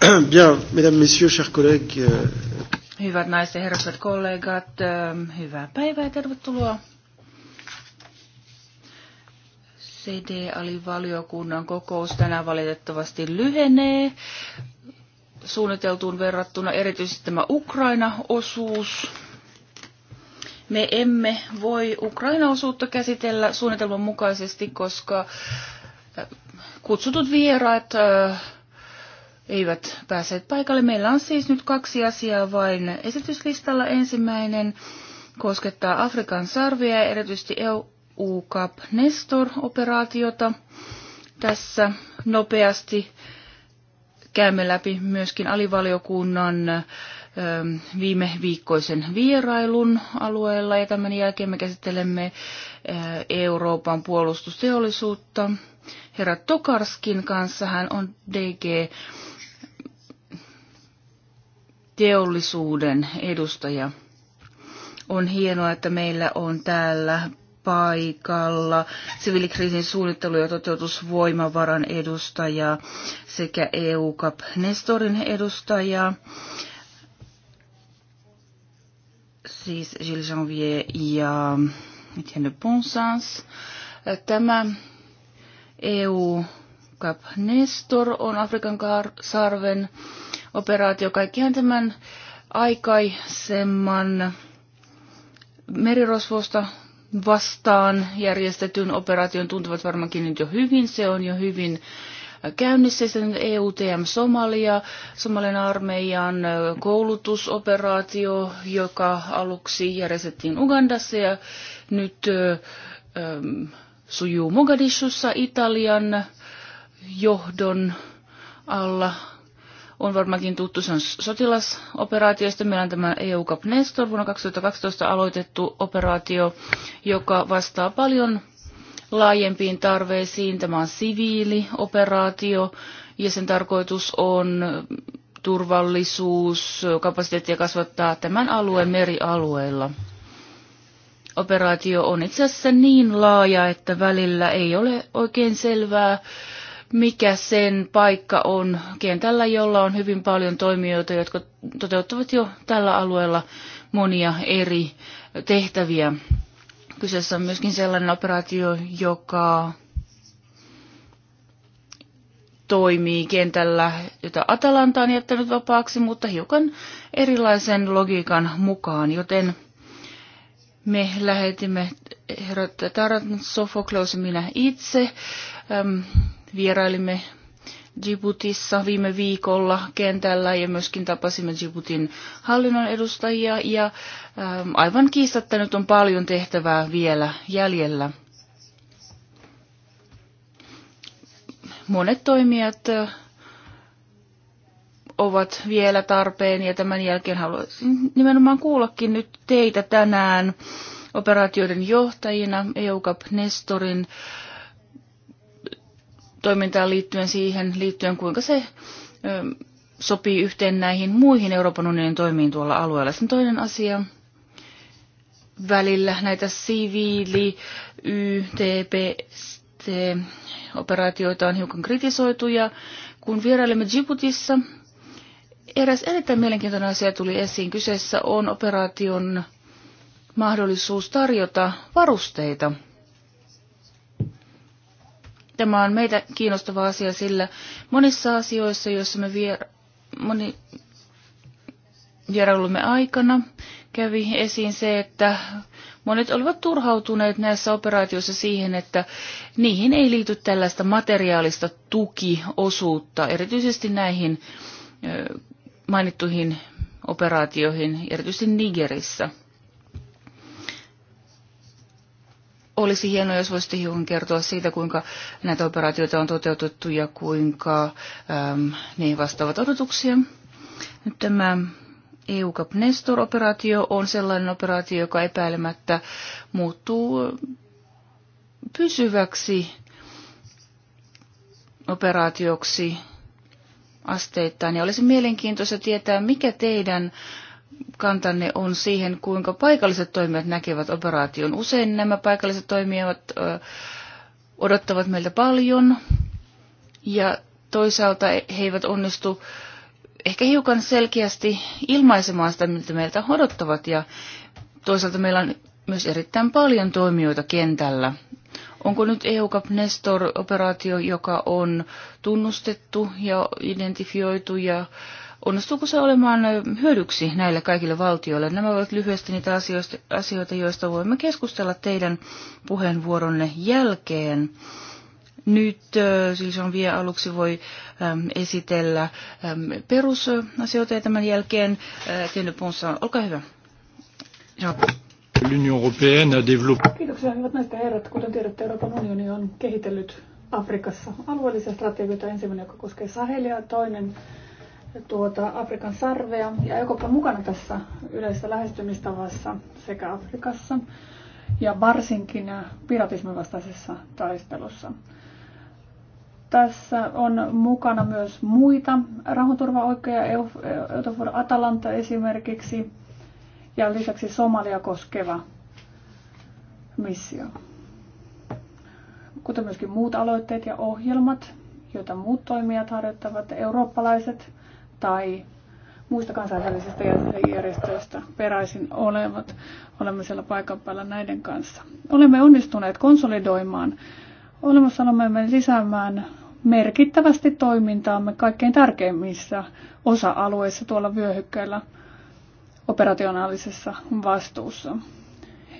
Bien, mesdames, messieurs, chers collègues. Euh, hyvät naiset ja herrat kollegat, ähm, hyvää päivää ja tervetuloa CD-alivaliokunnan kokous tänään valitettavasti lyhenee suunniteltuun verrattuna erityisesti tämä Ukraina-osuus. Me emme voi Ukraina-osuutta käsitellä suunnitelman mukaisesti, koska kutsutut vieraat äh, eivät päässeet paikalle. Meillä on siis nyt kaksi asiaa vain esityslistalla. Ensimmäinen koskettaa Afrikan sarvia ja erityisesti EU-Cap Nestor-operaatiota. Tässä nopeasti käymme läpi myöskin alivaliokunnan ähm, viime viikkoisen vierailun alueella ja tämän jälkeen me käsittelemme äh, Euroopan puolustusteollisuutta. Herra Tokarskin kanssa hän on DG teollisuuden edustaja. On hienoa, että meillä on täällä paikalla siviilikriisin suunnittelu- ja toteutusvoimavaran edustaja sekä EU-CAP Nestorin edustaja, siis Gilles Janvier ja Etienne Ponsans. Tämä EU-CAP Nestor on Afrikan sarven operaatio. Kaikkihan tämän aikaisemman merirosvosta vastaan järjestetyn operaation tuntuvat varmaankin nyt jo hyvin. Se on jo hyvin käynnissä sen EUTM Somalia, Somalian armeijan koulutusoperaatio, joka aluksi järjestettiin Ugandassa ja nyt ähm, sujuu Mogadishussa Italian johdon alla on varmaankin tuttu, se on sotilasoperaatiosta. Meillä on tämä EU Cup Nestor vuonna 2012 aloitettu operaatio, joka vastaa paljon laajempiin tarveisiin. Tämä on siviilioperaatio ja sen tarkoitus on turvallisuus, kapasiteettia kasvattaa tämän alueen merialueilla. Operaatio on itse asiassa niin laaja, että välillä ei ole oikein selvää, mikä sen paikka on kentällä, jolla on hyvin paljon toimijoita, jotka toteuttavat jo tällä alueella monia eri tehtäviä. Kyseessä on myöskin sellainen operaatio, joka toimii kentällä, jota Atalanta on jättänyt vapaaksi, mutta hiukan erilaisen logiikan mukaan, joten me lähetimme herrat Taran ja minä itse äm, Vierailimme Djiboutissa viime viikolla kentällä ja myöskin tapasimme Djiboutin hallinnon edustajia ja ähm, aivan kiistatta nyt on paljon tehtävää vielä jäljellä. Monet toimijat äh, ovat vielä tarpeen ja tämän jälkeen haluaisin nimenomaan kuullakin nyt teitä tänään operaatioiden johtajina EUCAP Nestorin äh, toimintaan liittyen siihen, liittyen kuinka se sopii yhteen näihin muihin Euroopan unionin toimiin tuolla alueella. Sen toinen asia välillä näitä siviili YTPST operaatioita on hiukan kritisoitu ja kun vierailimme Djiboutissa, eräs erittäin mielenkiintoinen asia tuli esiin. Kyseessä on operaation mahdollisuus tarjota varusteita – Tämä on meitä kiinnostava asia, sillä monissa asioissa, joissa me vier, moni, vierailumme aikana kävi esiin se, että monet olivat turhautuneet näissä operaatioissa siihen, että niihin ei liity tällaista materiaalista tukiosuutta, erityisesti näihin mainittuihin operaatioihin, erityisesti Nigerissä. Olisi hienoa, jos voisitte hiukan kertoa siitä, kuinka näitä operaatioita on toteutettu ja kuinka äm, ne vastaavat odotuksia. Nyt tämä EUCAP Nestor-operaatio on sellainen operaatio, joka epäilemättä muuttuu pysyväksi operaatioksi asteittain. Ja olisi mielenkiintoista tietää, mikä teidän äh, kantanne on siihen, kuinka paikalliset toimijat näkevät operaation. Usein nämä paikalliset toimijat odottavat meiltä paljon ja toisaalta he eivät onnistu ehkä hiukan selkeästi ilmaisemaan sitä, mitä meiltä odottavat ja toisaalta meillä on myös erittäin paljon toimijoita kentällä. Onko nyt EUCAP Nestor-operaatio, joka on tunnustettu ja identifioitu ja Onnistuuko se olemaan hyödyksi näille kaikille valtioille? Nämä ovat lyhyesti niitä asioista, asioita, joista voimme keskustella teidän puheenvuoronne jälkeen. Nyt siis on vielä aluksi voi äm, esitellä äm, perusasioita ja tämän jälkeen äh, Tienne Ponsa, olkaa hyvä. L'Union européenne a développé... Kiitoksia hyvät naiset ja herrat. Kuten tiedätte, Euroopan unioni on kehitellyt Afrikassa alueellisia strategioita. Ensimmäinen, joka koskee Sahelia, toinen tuota Afrikan sarvea ja Eurooppa mukana tässä yleisessä lähestymistavassa sekä Afrikassa ja varsinkin piratismin vastaisessa taistelussa. Tässä on mukana myös muita rauhanturvaoikeja, Eutofor Atalanta esimerkiksi, ja lisäksi Somalia koskeva missio. Kuten myöskin muut aloitteet ja ohjelmat, joita muut toimijat harjoittavat, eurooppalaiset tai muista kansainvälisistä järjestöistä peräisin olevat. Olemme siellä paikan päällä näiden kanssa. Olemme onnistuneet konsolidoimaan olemassaolomme lisäämään merkittävästi toimintaamme kaikkein tärkeimmissä osa-alueissa tuolla vyöhykkeellä operationaalisessa vastuussa.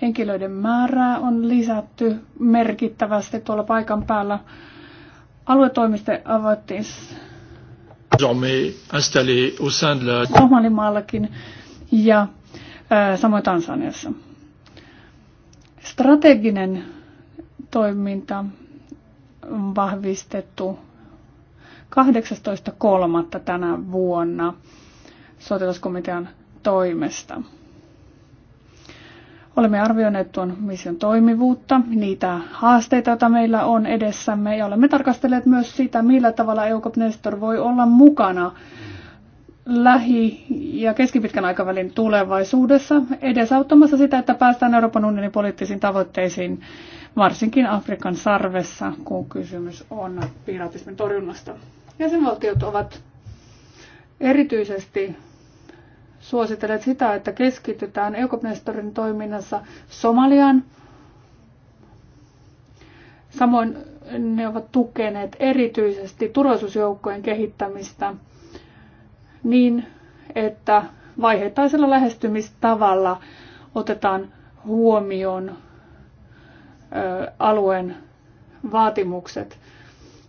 Henkilöiden määrää on lisätty merkittävästi tuolla paikan päällä. Aluetoimiste avattiin Somalimaallakin ja samoin Tansaniassa. Strateginen toiminta on vahvistettu 18.3. tänä vuonna sotilaskomitean toimesta. Olemme arvioineet tuon mission toimivuutta, niitä haasteita, joita meillä on edessämme, ja olemme tarkastelleet myös sitä, millä tavalla EUCOP Nestor voi olla mukana lähi- ja keskipitkän aikavälin tulevaisuudessa edesauttamassa sitä, että päästään Euroopan unionin poliittisiin tavoitteisiin, varsinkin Afrikan sarvessa, kun kysymys on piratismin torjunnasta. Jäsenvaltiot ovat erityisesti Suosittelet sitä, että keskitytään Eukopnestorin toiminnassa Somaliaan. Samoin ne ovat tukeneet erityisesti turvallisuusjoukkojen kehittämistä niin, että vaiheittaisella lähestymistavalla otetaan huomioon alueen vaatimukset.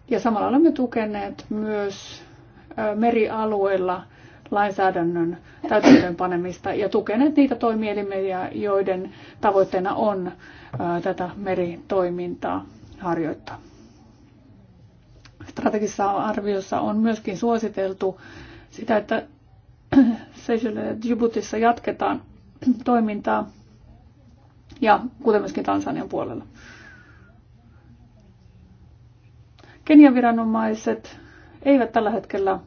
Ja samalla olemme tukeneet myös merialueilla lainsäädännön täytäntöönpanemista ja tukeneet niitä toimielimiä, joiden tavoitteena on tätä meritoimintaa harjoittaa. Strategisessa arviossa on myöskin suositeltu sitä, että Seychelles ja Djiboutissa jatketaan toimintaa ja kuten myöskin Tansanian puolella. Kenian viranomaiset eivät tällä hetkellä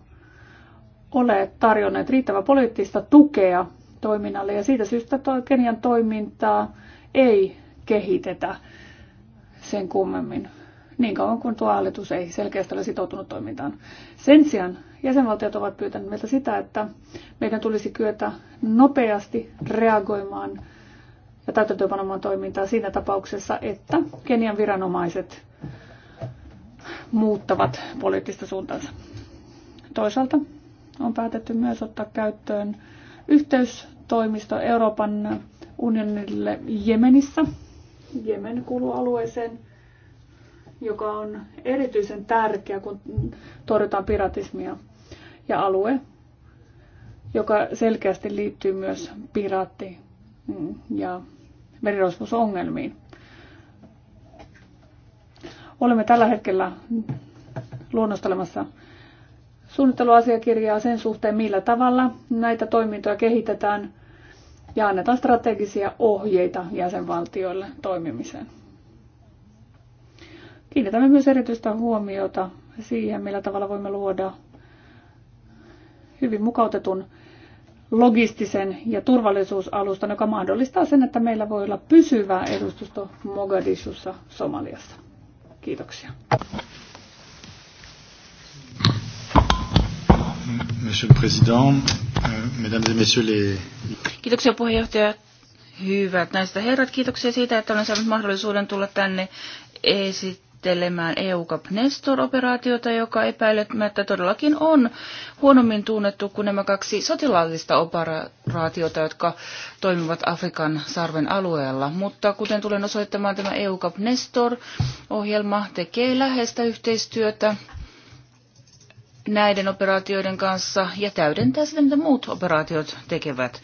ole tarjonneet riittävää poliittista tukea toiminnalle ja siitä syystä toi Kenian toimintaa ei kehitetä sen kummemmin niin kauan kuin tuo hallitus ei selkeästi ole sitoutunut toimintaan. Sen sijaan jäsenvaltiot ovat pyytäneet meiltä sitä, että meidän tulisi kyetä nopeasti reagoimaan ja täytäntöönpanomaan toimintaa siinä tapauksessa, että Kenian viranomaiset muuttavat poliittista suuntaansa. Toisaalta on päätetty myös ottaa käyttöön yhteystoimisto Euroopan unionille Jemenissä. Jemen kuuluu alueeseen, joka on erityisen tärkeä, kun torjutaan piratismia. Ja alue, joka selkeästi liittyy myös piraatti- ja merirosvousongelmiin. Olemme tällä hetkellä luonnostelemassa suunnitteluasiakirjaa sen suhteen, millä tavalla näitä toimintoja kehitetään ja annetaan strategisia ohjeita jäsenvaltioille toimimiseen. Kiinnitämme myös erityistä huomiota siihen, millä tavalla voimme luoda hyvin mukautetun logistisen ja turvallisuusalustan, joka mahdollistaa sen, että meillä voi olla pysyvä edustusto Mogadishussa Somaliassa. Kiitoksia. Monsieur le Président, euh, mesdames et messieurs les... Kiitoksia puheenjohtaja. Hyvät näistä herrat, kiitoksia siitä, että olen saanut mahdollisuuden tulla tänne esittelemään EUCAP Nestor-operaatiota, joka epäilemättä todellakin on huonommin tunnettu kuin nämä kaksi sotilaallista operaatiota, jotka toimivat Afrikan sarven alueella. Mutta kuten tulen osoittamaan, tämä EUCAP Nestor-ohjelma tekee läheistä yhteistyötä näiden operaatioiden kanssa ja täydentää sitä, mitä muut operaatiot tekevät.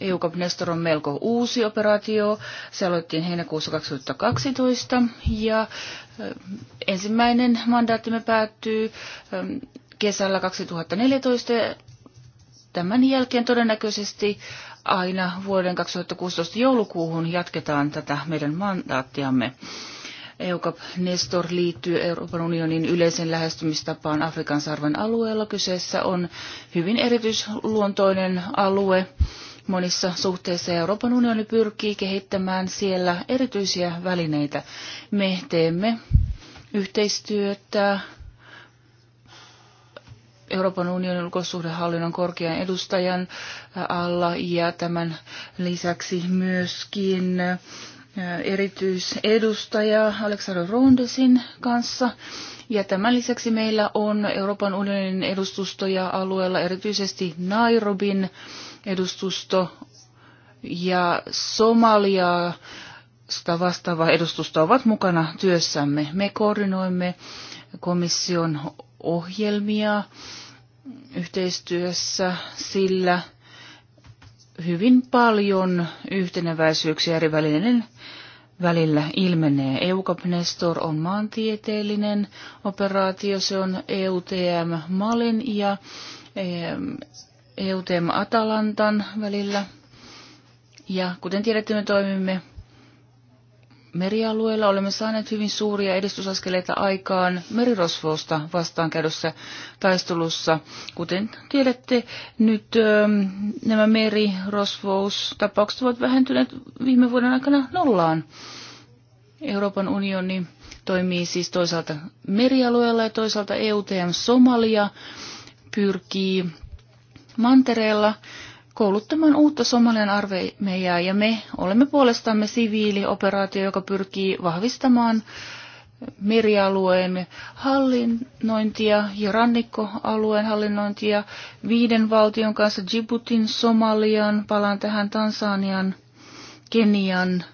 EUCOP Nestor on melko uusi operaatio. Se aloittiin heinäkuussa 2012 ja eh, ensimmäinen mandaattimme päättyy eh, kesällä 2014. Tämän jälkeen todennäköisesti aina vuoden 2016 joulukuuhun jatketaan tätä meidän mandaattiamme. EUCAP Nestor liittyy Euroopan unionin yleisen lähestymistapaan Afrikan sarven alueella. Kyseessä on hyvin erityisluontoinen alue. Monissa suhteissa Euroopan unioni pyrkii kehittämään siellä erityisiä välineitä. Me teemme yhteistyötä Euroopan unionin ulkosuhdehallinnon korkean edustajan alla ja tämän lisäksi myöskin erityisedustaja Aleksandr Rondesin kanssa. Ja tämän lisäksi meillä on Euroopan unionin edustustoja alueella erityisesti Nairobin edustusto ja Somaliaa vastaava edustusto ovat mukana työssämme. Me koordinoimme komission ohjelmia yhteistyössä sillä hyvin paljon yhteneväisyyksiä eri välinen välillä ilmenee. EUCAP Nestor on maantieteellinen operaatio, se on EUTM Malin ja EUTM e Atalantan välillä. Ja kuten tiedätte, me toimimme merialueella Olemme saaneet hyvin suuria edistysaskeleita aikaan merirosvoista vastaan käydyssä taistelussa. Kuten tiedätte, nyt ö, ähm, nämä merirosvoustapaukset ovat vähentyneet viime vuoden aikana nollaan. Euroopan unioni toimii siis toisaalta merialueella ja toisaalta EUTM Somalia pyrkii mantereella kouluttamaan uutta Somalian armeijaa ja me olemme puolestamme siviilioperaatio, joka pyrkii vahvistamaan merialueen hallinnointia ja rannikkoalueen hallinnointia viiden valtion kanssa, Djiboutin, Somalian, palaan tähän Tansanian, Kenian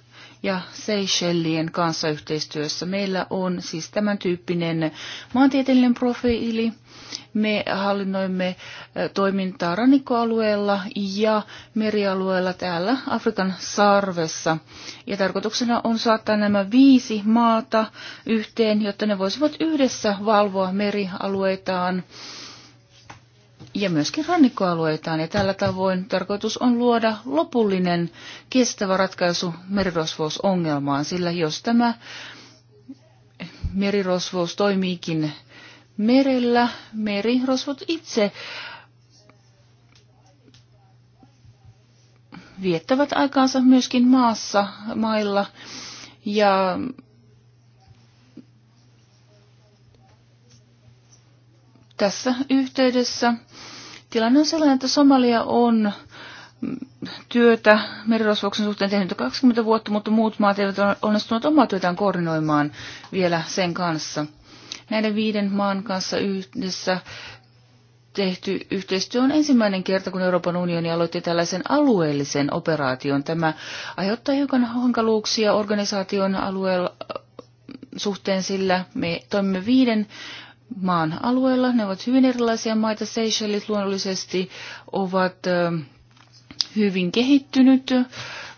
ja Seychellien kanssa yhteistyössä. Meillä on siis tämän tyyppinen maantieteellinen profiili, me hallinnoimme toimintaa rannikkoalueella ja merialueella täällä Afrikan sarvessa. Ja tarkoituksena on saattaa nämä viisi maata yhteen, jotta ne voisivat yhdessä valvoa merialueitaan ja myöskin rannikkoalueitaan. Ja tällä tavoin tarkoitus on luoda lopullinen kestävä ratkaisu merirosvousongelmaan, sillä jos tämä merirosvous toimiikin merellä merirosvot itse viettävät aikaansa myöskin maassa, mailla ja tässä yhteydessä tilanne on sellainen, että Somalia on työtä merirosvoksen suhteen tehnyt 20 vuotta, mutta muut maat eivät ole onnistuneet omaa työtään koordinoimaan vielä sen kanssa. Näiden viiden maan kanssa yhdessä tehty yhteistyö on ensimmäinen kerta, kun Euroopan unioni aloitti tällaisen alueellisen operaation. Tämä aiheuttaa hiukan hankaluuksia organisaation alueella äh, suhteen, sillä me toimimme viiden maan alueella. Ne ovat hyvin erilaisia maita. Seychellit luonnollisesti ovat äh, hyvin kehittynyt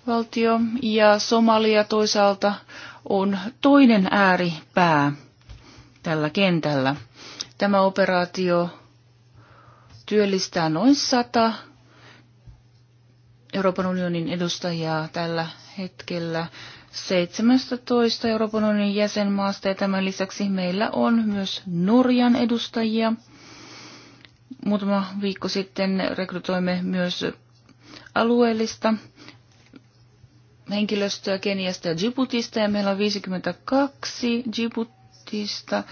valtio ja Somalia toisaalta on toinen ääripää tällä kentällä. Tämä operaatio työllistää noin sata Euroopan unionin edustajaa tällä hetkellä 17 Euroopan unionin jäsenmaasta ja tämän lisäksi meillä on myös Norjan edustajia. Muutama viikko sitten rekrytoimme myös alueellista henkilöstöä Keniasta ja Djiboutista ja meillä on 52 Djibout Egyptistä,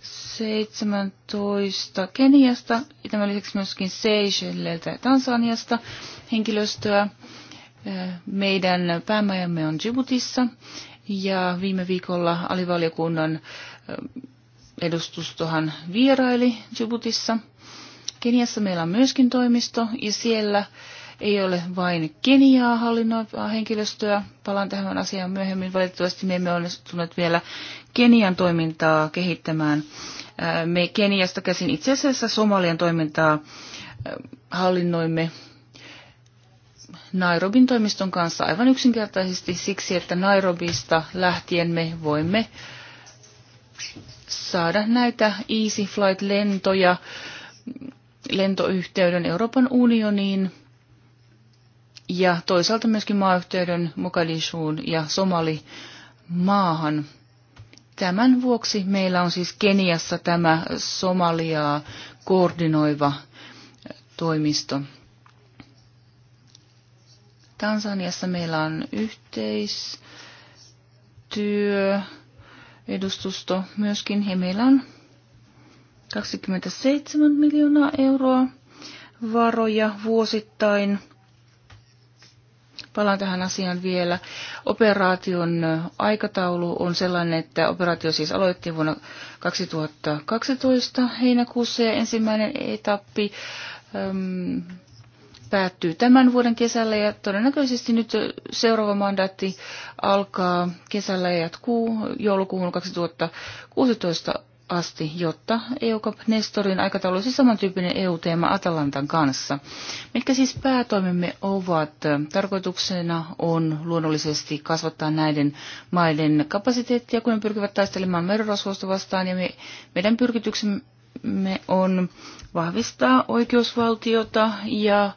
17 Keniasta ja tämän lisäksi myöskin Seychelleltä ja Tansaniasta henkilöstöä. Äh, meidän päämajamme on Djiboutissa ja viime viikolla alivaliokunnan äh, edustustohan vieraili Djiboutissa. Keniassa meillä on myöskin toimisto ja siellä ei ole vain Keniaa hallinnoivaa henkilöstöä. Palaan tähän asiaan myöhemmin. Valitettavasti me emme onnistuneet vielä Kenian toimintaa kehittämään. Me Keniasta käsin itse asiassa Somalian toimintaa hallinnoimme Nairobin toimiston kanssa aivan yksinkertaisesti siksi, että Nairobista lähtien me voimme saada näitä Easy Flight-lentoja mm, lentoyhteyden Euroopan unioniin ja toisaalta myöskin maayhteyden Mokadishuun ja Somali maahan. Tämän vuoksi meillä on siis Keniassa tämä Somaliaa koordinoiva toimisto. Tansaniassa meillä on yhteistyö, edustusto myöskin, ja meillä on 27 miljoonaa euroa varoja vuosittain – Palaan tähän asiaan vielä. Operaation aikataulu on sellainen, että operaatio siis aloitti vuonna 2012 heinäkuussa ja ensimmäinen etappi äm, päättyy tämän vuoden kesällä ja todennäköisesti nyt seuraava mandaatti alkaa kesällä ja jatkuu joulukuun 2016 asti, jotta EUCAP Nestorin aikataulu olisi samantyyppinen EU-teema Atalantan kanssa. Mitkä siis päätoimemme ovat? Tarkoituksena on luonnollisesti kasvattaa näiden maiden kapasiteettia, kun ne pyrkivät taistelemaan merirosvoista vastaan, ja me, meidän pyrkityksemme on vahvistaa oikeusvaltiota ja äh,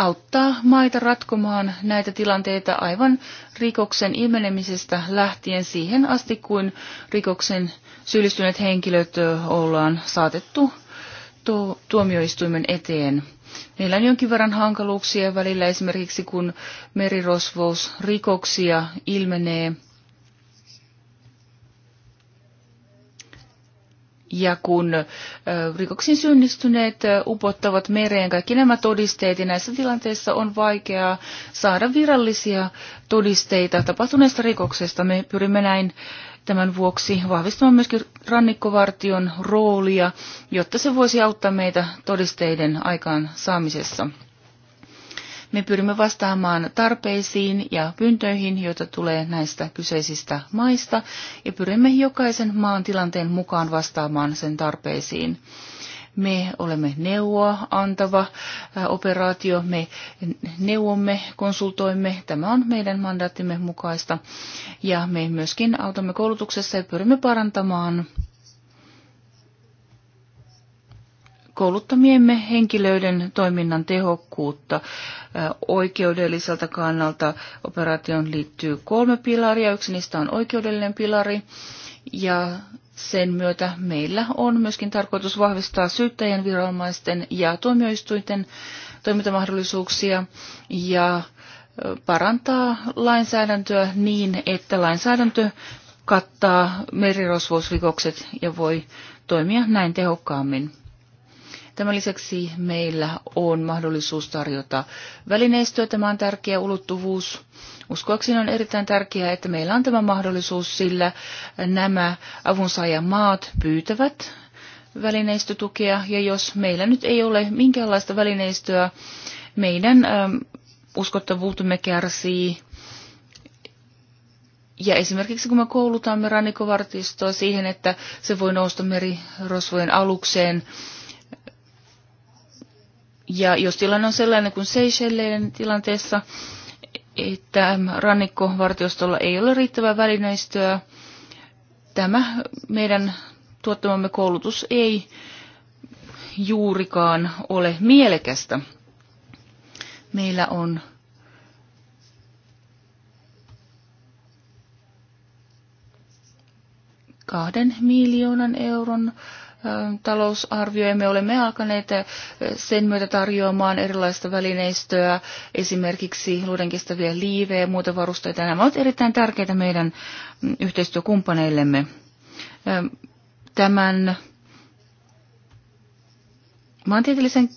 auttaa maita ratkomaan näitä tilanteita aivan rikoksen ilmenemisestä lähtien siihen asti, kuin rikoksen syyllistyneet henkilöt ollaan saatettu tuomioistuimen eteen. Meillä on jonkin verran hankaluuksia välillä esimerkiksi, kun merirosvousrikoksia ilmenee – Ja kun rikoksiin synnistyneet upottavat mereen kaikki nämä todisteet, ja niin näissä tilanteissa on vaikeaa saada virallisia todisteita tapahtuneesta rikoksesta. Me pyrimme näin tämän vuoksi vahvistamaan myöskin rannikkovartion roolia, jotta se voisi auttaa meitä todisteiden aikaan saamisessa. Me pyrimme vastaamaan tarpeisiin ja pyyntöihin, joita tulee näistä kyseisistä maista, ja pyrimme jokaisen maan tilanteen mukaan vastaamaan sen tarpeisiin. Me olemme neuvoa antava operaatio, me neuvomme, konsultoimme, tämä on meidän mandaattimme mukaista, ja me myöskin autamme koulutuksessa ja pyrimme parantamaan kouluttamiemme henkilöiden toiminnan tehokkuutta. Oikeudelliselta kannalta operaation liittyy kolme pilaria. Yksi niistä on oikeudellinen pilari ja sen myötä meillä on myöskin tarkoitus vahvistaa syyttäjien, viranomaisten ja tuomioistuinten toimintamahdollisuuksia ja parantaa lainsäädäntöä niin, että lainsäädäntö kattaa merirosvousrikokset ja voi toimia näin tehokkaammin. Tämän lisäksi meillä on mahdollisuus tarjota välineistöä. Tämä on tärkeä ulottuvuus. Uskoakseni on erittäin tärkeää, että meillä on tämä mahdollisuus, sillä nämä avunsaajamaat pyytävät välineistötukea, ja jos meillä nyt ei ole minkäänlaista välineistöä, meidän ähm, uskottavuutemme kärsii. Ja esimerkiksi kun me koulutamme rannikovartistoa siihen, että se voi nousta merirosvojen alukseen, ja jos tilanne on sellainen kuin Seychelleen tilanteessa, että rannikkovartiostolla ei ole riittävää välineistöä, tämä meidän tuottamamme koulutus ei juurikaan ole mielekästä. Meillä on kahden miljoonan euron äh, talousarvio ja me olemme alkaneet sen myötä tarjoamaan erilaista välineistöä, esimerkiksi luudenkestäviä liivejä ja muuta varusteita. Nämä ovat erittäin tärkeitä meidän mm, yhteistyökumppaneillemme. Tämän maantieteellisen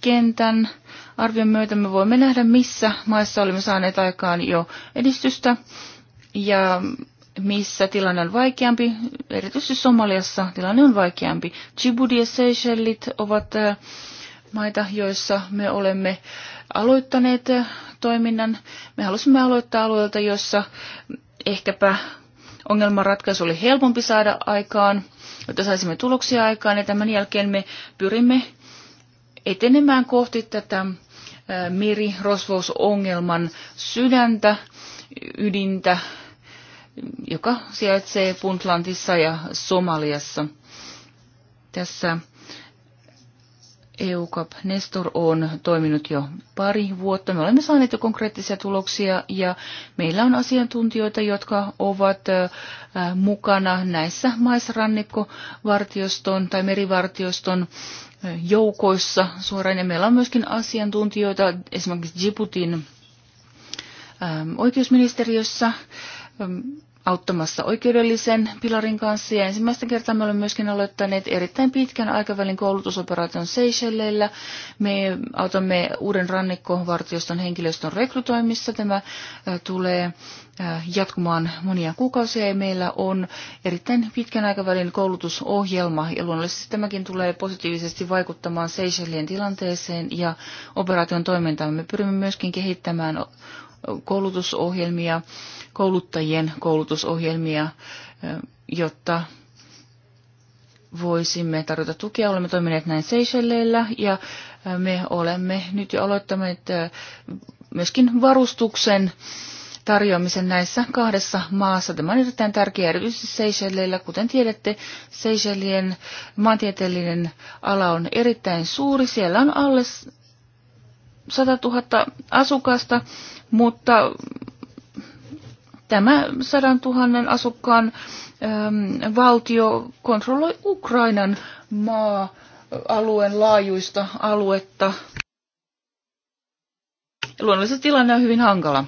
kentän arvion myötä me voimme nähdä, missä maissa olemme saaneet aikaan jo edistystä ja mm, missä tilanne on vaikeampi, erityisesti Somaliassa tilanne on vaikeampi. Djibouti ja Seychellit ovat äh, maita, joissa me olemme aloittaneet äh, toiminnan. Me halusimme aloittaa alueelta, jossa ehkäpä ongelmanratkaisu oli helpompi saada aikaan, jotta saisimme tuloksia aikaan, ja tämän jälkeen me pyrimme etenemään kohti tätä äh, Miri Rosvus-ongelman sydäntä, ydintä, joka sijaitsee Puntlandissa ja Somaliassa. Tässä EUCAP Nestor on toiminut jo pari vuotta. Me olemme saaneet jo konkreettisia tuloksia ja meillä on asiantuntijoita, jotka ovat mukana näissä maisrannikkovartioston tai merivartioston joukoissa suoraan. Ja meillä on myöskin asiantuntijoita esimerkiksi Djiboutin oikeusministeriössä auttamassa oikeudellisen pilarin kanssa ja ensimmäistä kertaa me olemme myöskin aloittaneet erittäin pitkän aikavälin koulutusoperaation Seychelleillä. Me autamme uuden rannikkovartioston henkilöstön rekrytoimissa. Tämä tulee jatkumaan monia kuukausia ja meillä on erittäin pitkän aikavälin koulutusohjelma ja luonnollisesti tämäkin tulee positiivisesti vaikuttamaan Seychellien tilanteeseen ja operaation toimintaan. Me pyrimme myöskin kehittämään koulutusohjelmia, kouluttajien koulutusohjelmia, eh, jotta voisimme tarjota tukea. Olemme toimineet näin Seychelleillä ja eh, me olemme nyt jo aloittaneet eh, myöskin varustuksen tarjoamisen näissä kahdessa maassa. Tämä on erittäin tärkeää erityisesti Seychelleillä. Kuten tiedätte, Seychellien maantieteellinen ala on erittäin suuri. Siellä on alle 100 000 asukasta mutta tämä sadan tuhannen asukkaan äm, valtio kontrolloi Ukrainan maa-alueen laajuista aluetta. Luonnollisesti tilanne on hyvin hankala.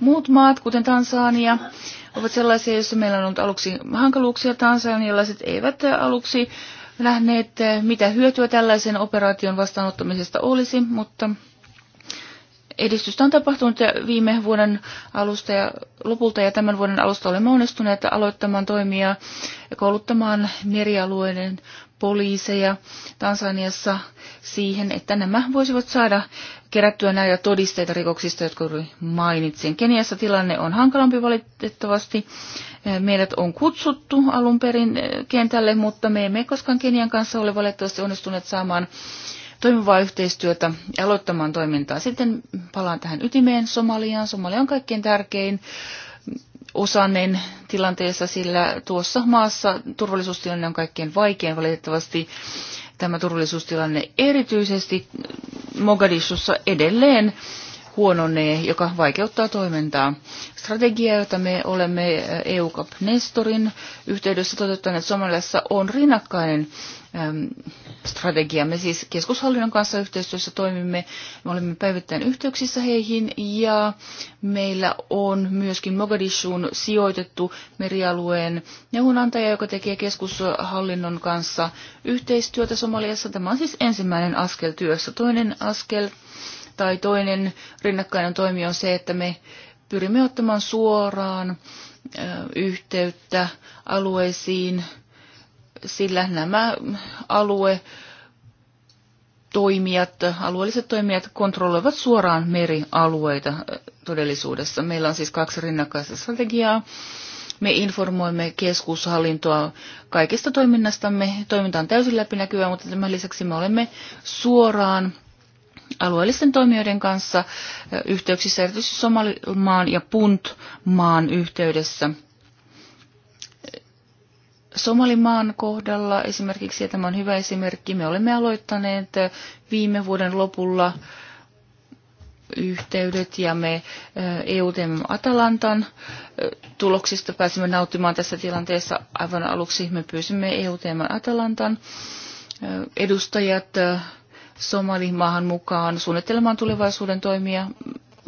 Muut maat, kuten Tansania, ovat sellaisia, joissa meillä on ollut aluksi hankaluuksia. Tansanialaiset eivät aluksi nähneet, mitä hyötyä tällaisen operaation vastaanottamisesta olisi, mutta edistystä on tapahtunut ja viime vuoden alusta ja lopulta ja tämän vuoden alusta olemme onnistuneet aloittamaan toimia ja kouluttamaan merialueiden poliiseja Tansaniassa siihen, että nämä voisivat saada kerättyä näitä todisteita rikoksista, jotka mainitsin. Keniassa tilanne on hankalampi valitettavasti. Meidät on kutsuttu alun perin kentälle, mutta me emme koskaan Kenian kanssa ole valitettavasti onnistuneet saamaan toimivaa yhteistyötä ja aloittamaan toimintaa. Sitten palaan tähän ytimeen Somaliaan. Somalia on kaikkein tärkein osanen tilanteessa, sillä tuossa maassa turvallisuustilanne on kaikkein vaikein valitettavasti. Tämä turvallisuustilanne erityisesti Mogadishussa edelleen huononee, joka vaikeuttaa toimintaa. Strategia, jota me olemme EUCAP eh, e Nestorin yhteydessä toteuttaneet Somaliassa, on rinnakkainen ehm, strategia. Me siis keskushallinnon kanssa yhteistyössä toimimme, me olemme päivittäin yhteyksissä heihin ja meillä on myöskin Mogadishuun sijoitettu merialueen neuvonantaja, joka tekee keskushallinnon kanssa yhteistyötä Somaliassa. Tämä on siis ensimmäinen askel työssä. Toinen askel tai toinen rinnakkainen toimi on se, että me pyrimme ottamaan suoraan yhteyttä alueisiin, sillä nämä alue toimijat, alueelliset toimijat kontrolloivat suoraan merialueita todellisuudessa. Meillä on siis kaksi rinnakkaista strategiaa. Me informoimme keskushallintoa kaikesta toiminnastamme. Toiminta on täysin läpinäkyvää, mutta tämän lisäksi me olemme suoraan alueellisten toimijoiden kanssa yhteyksissä, erityisesti Somalimaan ja Puntmaan yhteydessä. Somalimaan kohdalla esimerkiksi, ja tämä on hyvä esimerkki, me olemme aloittaneet viime vuoden lopulla yhteydet ja me EUTM Atalantan tuloksista pääsimme nauttimaan tässä tilanteessa aivan aluksi. Me pyysimme EUTM Atalantan edustajat Somalimaahan mukaan suunnittelemaan tulevaisuuden toimia.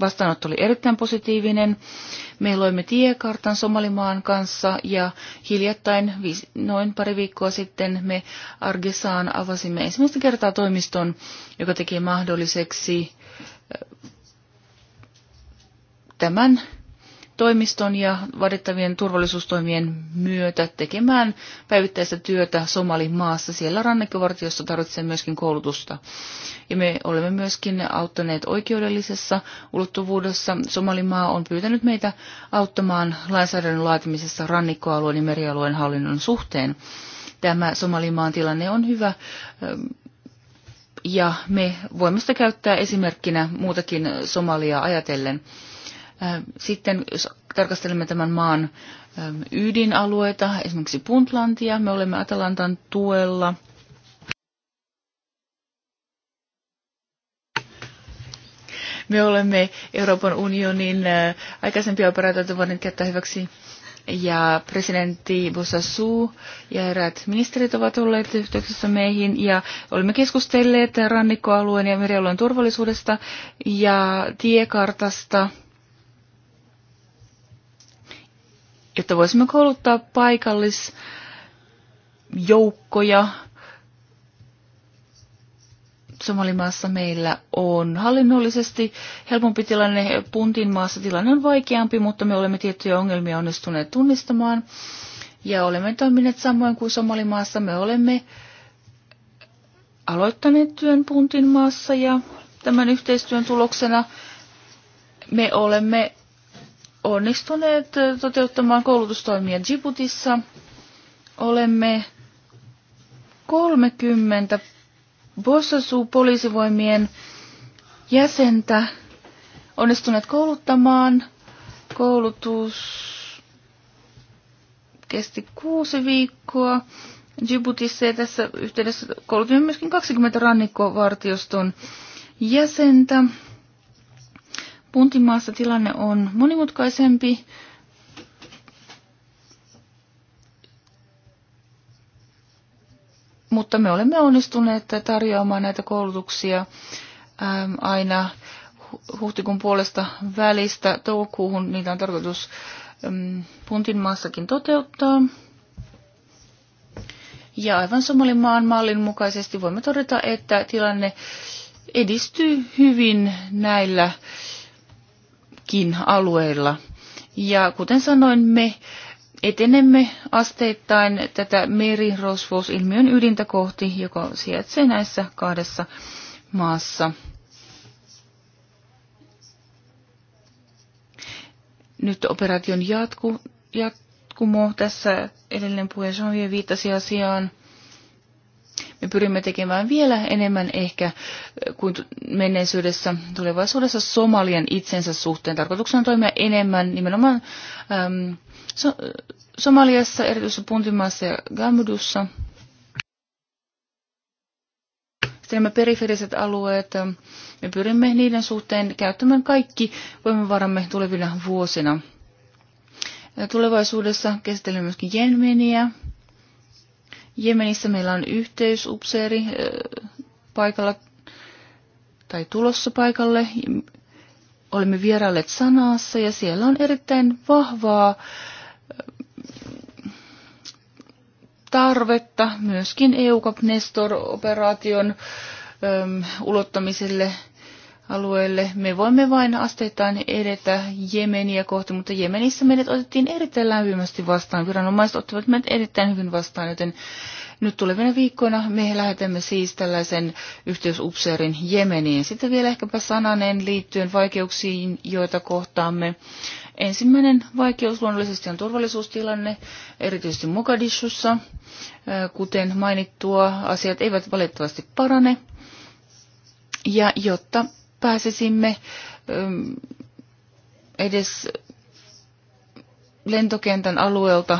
Vastaanotto oli erittäin positiivinen. Me loimme tiekartan Somalimaan kanssa ja hiljattain noin pari viikkoa sitten me Argesaan avasimme ensimmäistä kertaa toimiston, joka tekee mahdolliseksi tämän toimiston ja vaadittavien turvallisuustoimien myötä tekemään päivittäistä työtä Somalimaassa. Siellä rannikkovartiossa tarvitsee myöskin koulutusta. Ja me olemme myöskin auttaneet oikeudellisessa ulottuvuudessa. Somalimaa on pyytänyt meitä auttamaan lainsäädännön laatimisessa rannikkoalueen ja merialueen hallinnon suhteen. Tämä Somalimaan tilanne on hyvä ähm, ja me voimme sitä käyttää esimerkkinä muutakin Somaliaa ajatellen. Sitten jos tarkastelemme tämän maan ydinalueita, esimerkiksi Puntlandia, me olemme Atalantan tuella me olemme Euroopan unionin aikaisempia operaatioita voineet käyttää hyväksi. Ja presidentti Bossassu ja eräät ministerit ovat olleet yhteyksissä meihin ja olemme keskustelleet rannikkoalueen ja merialueen turvallisuudesta ja tiekartasta jotta voisimme kouluttaa paikallisjoukkoja. Somalimaassa meillä on hallinnollisesti helpompi tilanne, Puntin maassa tilanne on vaikeampi, mutta me olemme tiettyjä ongelmia onnistuneet tunnistamaan ja olemme toimineet samoin kuin Somalimaassa. Me olemme aloittaneet työn Puntin maassa ja tämän yhteistyön tuloksena me olemme onnistuneet toteuttamaan koulutustoimia Djiboutissa. Olemme 30 bossasu poliisivoimien jäsentä onnistuneet kouluttamaan. Koulutus kesti kuusi viikkoa. Djiboutissa ja tässä yhteydessä koulutimme myöskin 20 rannikkovartioston jäsentä. Puntimaassa tilanne on monimutkaisempi. Mutta me olemme onnistuneet tarjoamaan näitä koulutuksia ähm, aina huhtikuun puolesta välistä toukokuuhun. Niitä on tarkoitus ähm, Puntinmaassakin toteuttaa. Ja aivan maan mallin mukaisesti voimme todeta, että tilanne edistyy hyvin näillä muillakin alueilla. Ja kuten sanoin, me etenemme asteittain tätä merirosvousilmiön ydintä kohti, joka sijaitsee näissä kahdessa maassa. Nyt operaation jatku, jatkumo tässä edellinen puheenjohtaja viittasi asiaan pyrimme tekemään vielä enemmän ehkä kuin menneisyydessä tulevaisuudessa Somalian itsensä suhteen. Tarkoituksena on toimia enemmän nimenomaan äm, so, Somaliassa, erityisesti Puntimaassa ja Gamudussa. Sitten nämä periferiset alueet, me pyrimme niiden suhteen käyttämään kaikki voimavaramme tulevina vuosina. Tulevaisuudessa käsittelemme myöskin Jemeniä, Jemenissä meillä on yhteysupseeri paikalla tai tulossa paikalle. Olemme vierailleet Sanaassa ja siellä on erittäin vahvaa tarvetta myöskin EUCAP Nestor-operaation ulottamiselle – alueelle. Me voimme vain asteittain edetä Jemeniä kohti, mutta Jemenissä meidät otettiin erittäin lämpimästi vastaan. Viranomaiset ottivat meidät erittäin hyvin vastaan, joten nyt tulevina viikkoina me lähetämme siis tällaisen yhteysupseerin Jemeniin. Sitten vielä ehkäpä sananen liittyen vaikeuksiin, joita kohtaamme. Ensimmäinen vaikeus luonnollisesti on turvallisuustilanne, erityisesti Mogadishussa. Kuten mainittua, asiat eivät valitettavasti parane. Ja jotta pääsisimme ähm, edes lentokentän alueelta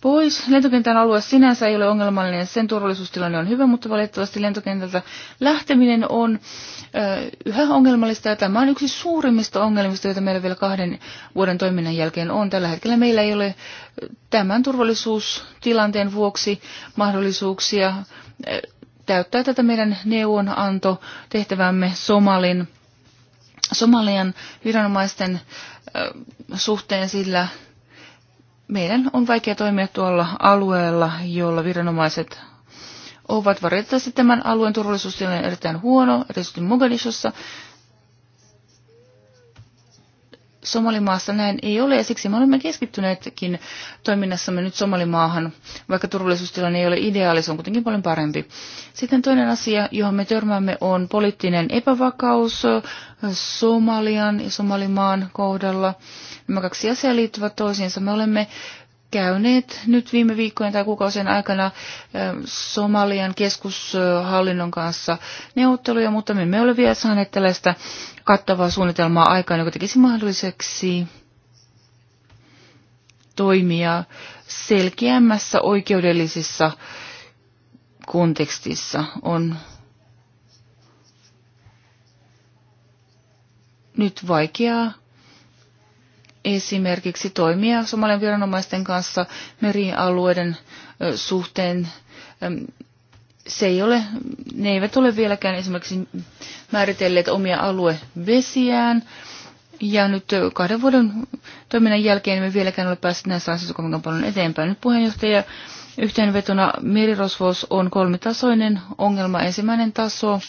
pois. Lentokentän alue sinänsä ei ole ongelmallinen, sen turvallisuustilanne on hyvä, mutta valitettavasti lentokentältä lähteminen on äh, yhä ongelmallista ja tämä on yksi suurimmista ongelmista, joita meillä vielä kahden vuoden toiminnan jälkeen on. Tällä hetkellä meillä ei ole äh, tämän turvallisuustilanteen vuoksi mahdollisuuksia äh, täyttää tätä meidän neuvonanto tehtävämme Somalin, Somalian viranomaisten suhteen, sillä meidän on vaikea toimia tuolla alueella, jolla viranomaiset ovat. varjettavasti tämän alueen turvallisuustilanne erittäin huono, erityisesti Mogadishossa, Somalimaassa näin ei ole ja siksi me olemme keskittyneetkin toiminnassamme nyt Somalimaahan, vaikka turvallisuustilanne ei ole ideaali, se on kuitenkin paljon parempi. Sitten toinen asia, johon me törmäämme, on poliittinen epävakaus Somalian ja Somalimaan kohdalla. Nämä kaksi asiaa liittyvät toisiinsa. Me olemme äh, käyneet nyt viime viikkojen tai kuukausien aikana Somalian keskushallinnon kanssa neuvotteluja, mutta me emme ole vielä saaneet tällaista kattavaa suunnitelmaa aikaan, joka tekisi mahdolliseksi toimia selkeämmässä oikeudellisessa kontekstissa. On nyt vaikeaa esimerkiksi toimia Somalian viranomaisten kanssa merialueiden suhteen. Se ei ole, ne eivät ole vieläkään esimerkiksi määritelleet omia aluevesiään. Ja nyt kahden vuoden toiminnan jälkeen me vieläkään ole päässeet näissä asioissa kovinkaan paljon eteenpäin. Nyt puheenjohtaja yhteenvetona merirosvous on kolmitasoinen ongelma. Ensimmäinen taso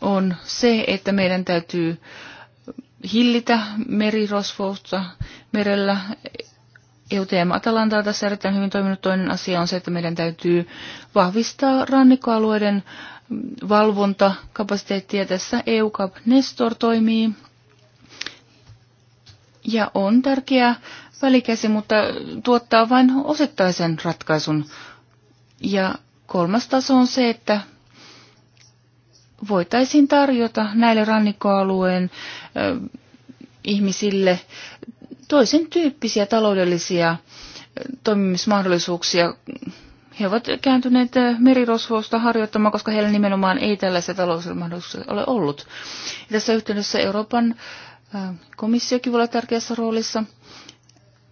on se, että meidän täytyy äh, hillitä merirosvousta merellä. EUTM Atalanta on tässä erittäin hyvin toiminut. Toinen asia on se, että meidän täytyy vahvistaa rannikkoalueiden valvontakapasiteettia. Tässä EUCAP Nestor toimii ja on tärkeä välikäsi, mutta tuottaa vain osittaisen ratkaisun. Ja kolmas taso on se, että voitaisiin tarjota näille rannikkoalueen ihmisille toisen tyyppisiä taloudellisia toimimismahdollisuuksia. He ovat kääntyneet merirosvousta harjoittamaan, koska heillä nimenomaan ei tällaisia talousmahdollisuuksia ole ollut. Tässä yhteydessä Euroopan komissiokin voi olla tärkeässä roolissa.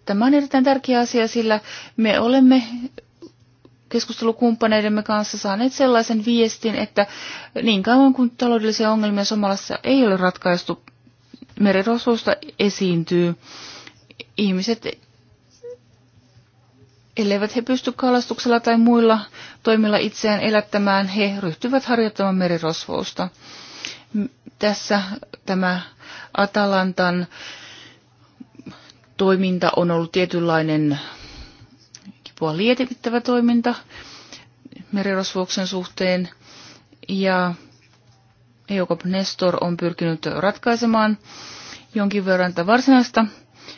Tämä on erittäin tärkeä asia, sillä me olemme keskustelukumppaneidemme kanssa saaneet sellaisen viestin, että niin kauan kuin taloudellisia ongelmia Somalassa ei ole ratkaistu, merirosvousta esiintyy. Ihmiset, elleivät he pysty kalastuksella tai muilla toimilla itseään elättämään, he ryhtyvät harjoittamaan merirosvousta. Tässä tämä Atalantan toiminta on ollut tietynlainen loppua lietivittävä toiminta merirosvouksen suhteen ja EUCOP Nestor on pyrkinyt ratkaisemaan jonkin verran tätä varsinaista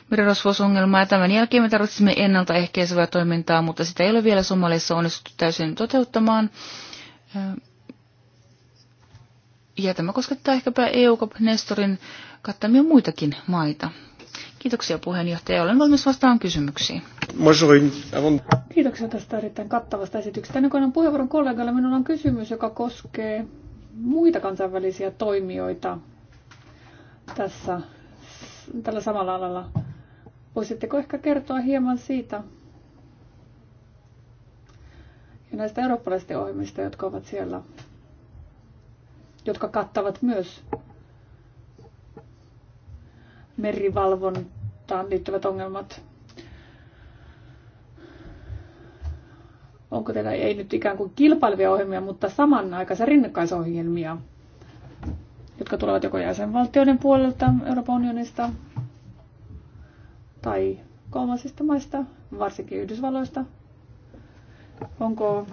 merirosvousongelmaa ja tämän jälkeen me tarvitsemme ennaltaehkäisevää toimintaa, mutta sitä ei ole vielä Somaliassa onnistuttu täysin toteuttamaan. Ja tämä koskettaa ehkäpä EUCOP Nestorin kattamia muitakin maita. Kiitoksia puheenjohtaja. Olen valmis vastaan kysymyksiin. Kiitoksia tästä erittäin kattavasta esityksestä. Ennen kuin puheenvuoron kollegalle, minulla on kysymys, joka koskee muita kansainvälisiä toimijoita tässä, tällä samalla alalla. Voisitteko ehkä kertoa hieman siitä ja näistä eurooppalaisista ohjelmista, jotka ovat siellä, jotka kattavat myös merivalvontaan liittyvät ongelmat. Onko teillä ei nyt ikään kuin kilpailevia ohjelmia, mutta samanaikaisia rinnakkaisohjelmia, jotka tulevat joko jäsenvaltioiden puolelta Euroopan unionista tai kolmansista maista, varsinkin Yhdysvalloista? Onko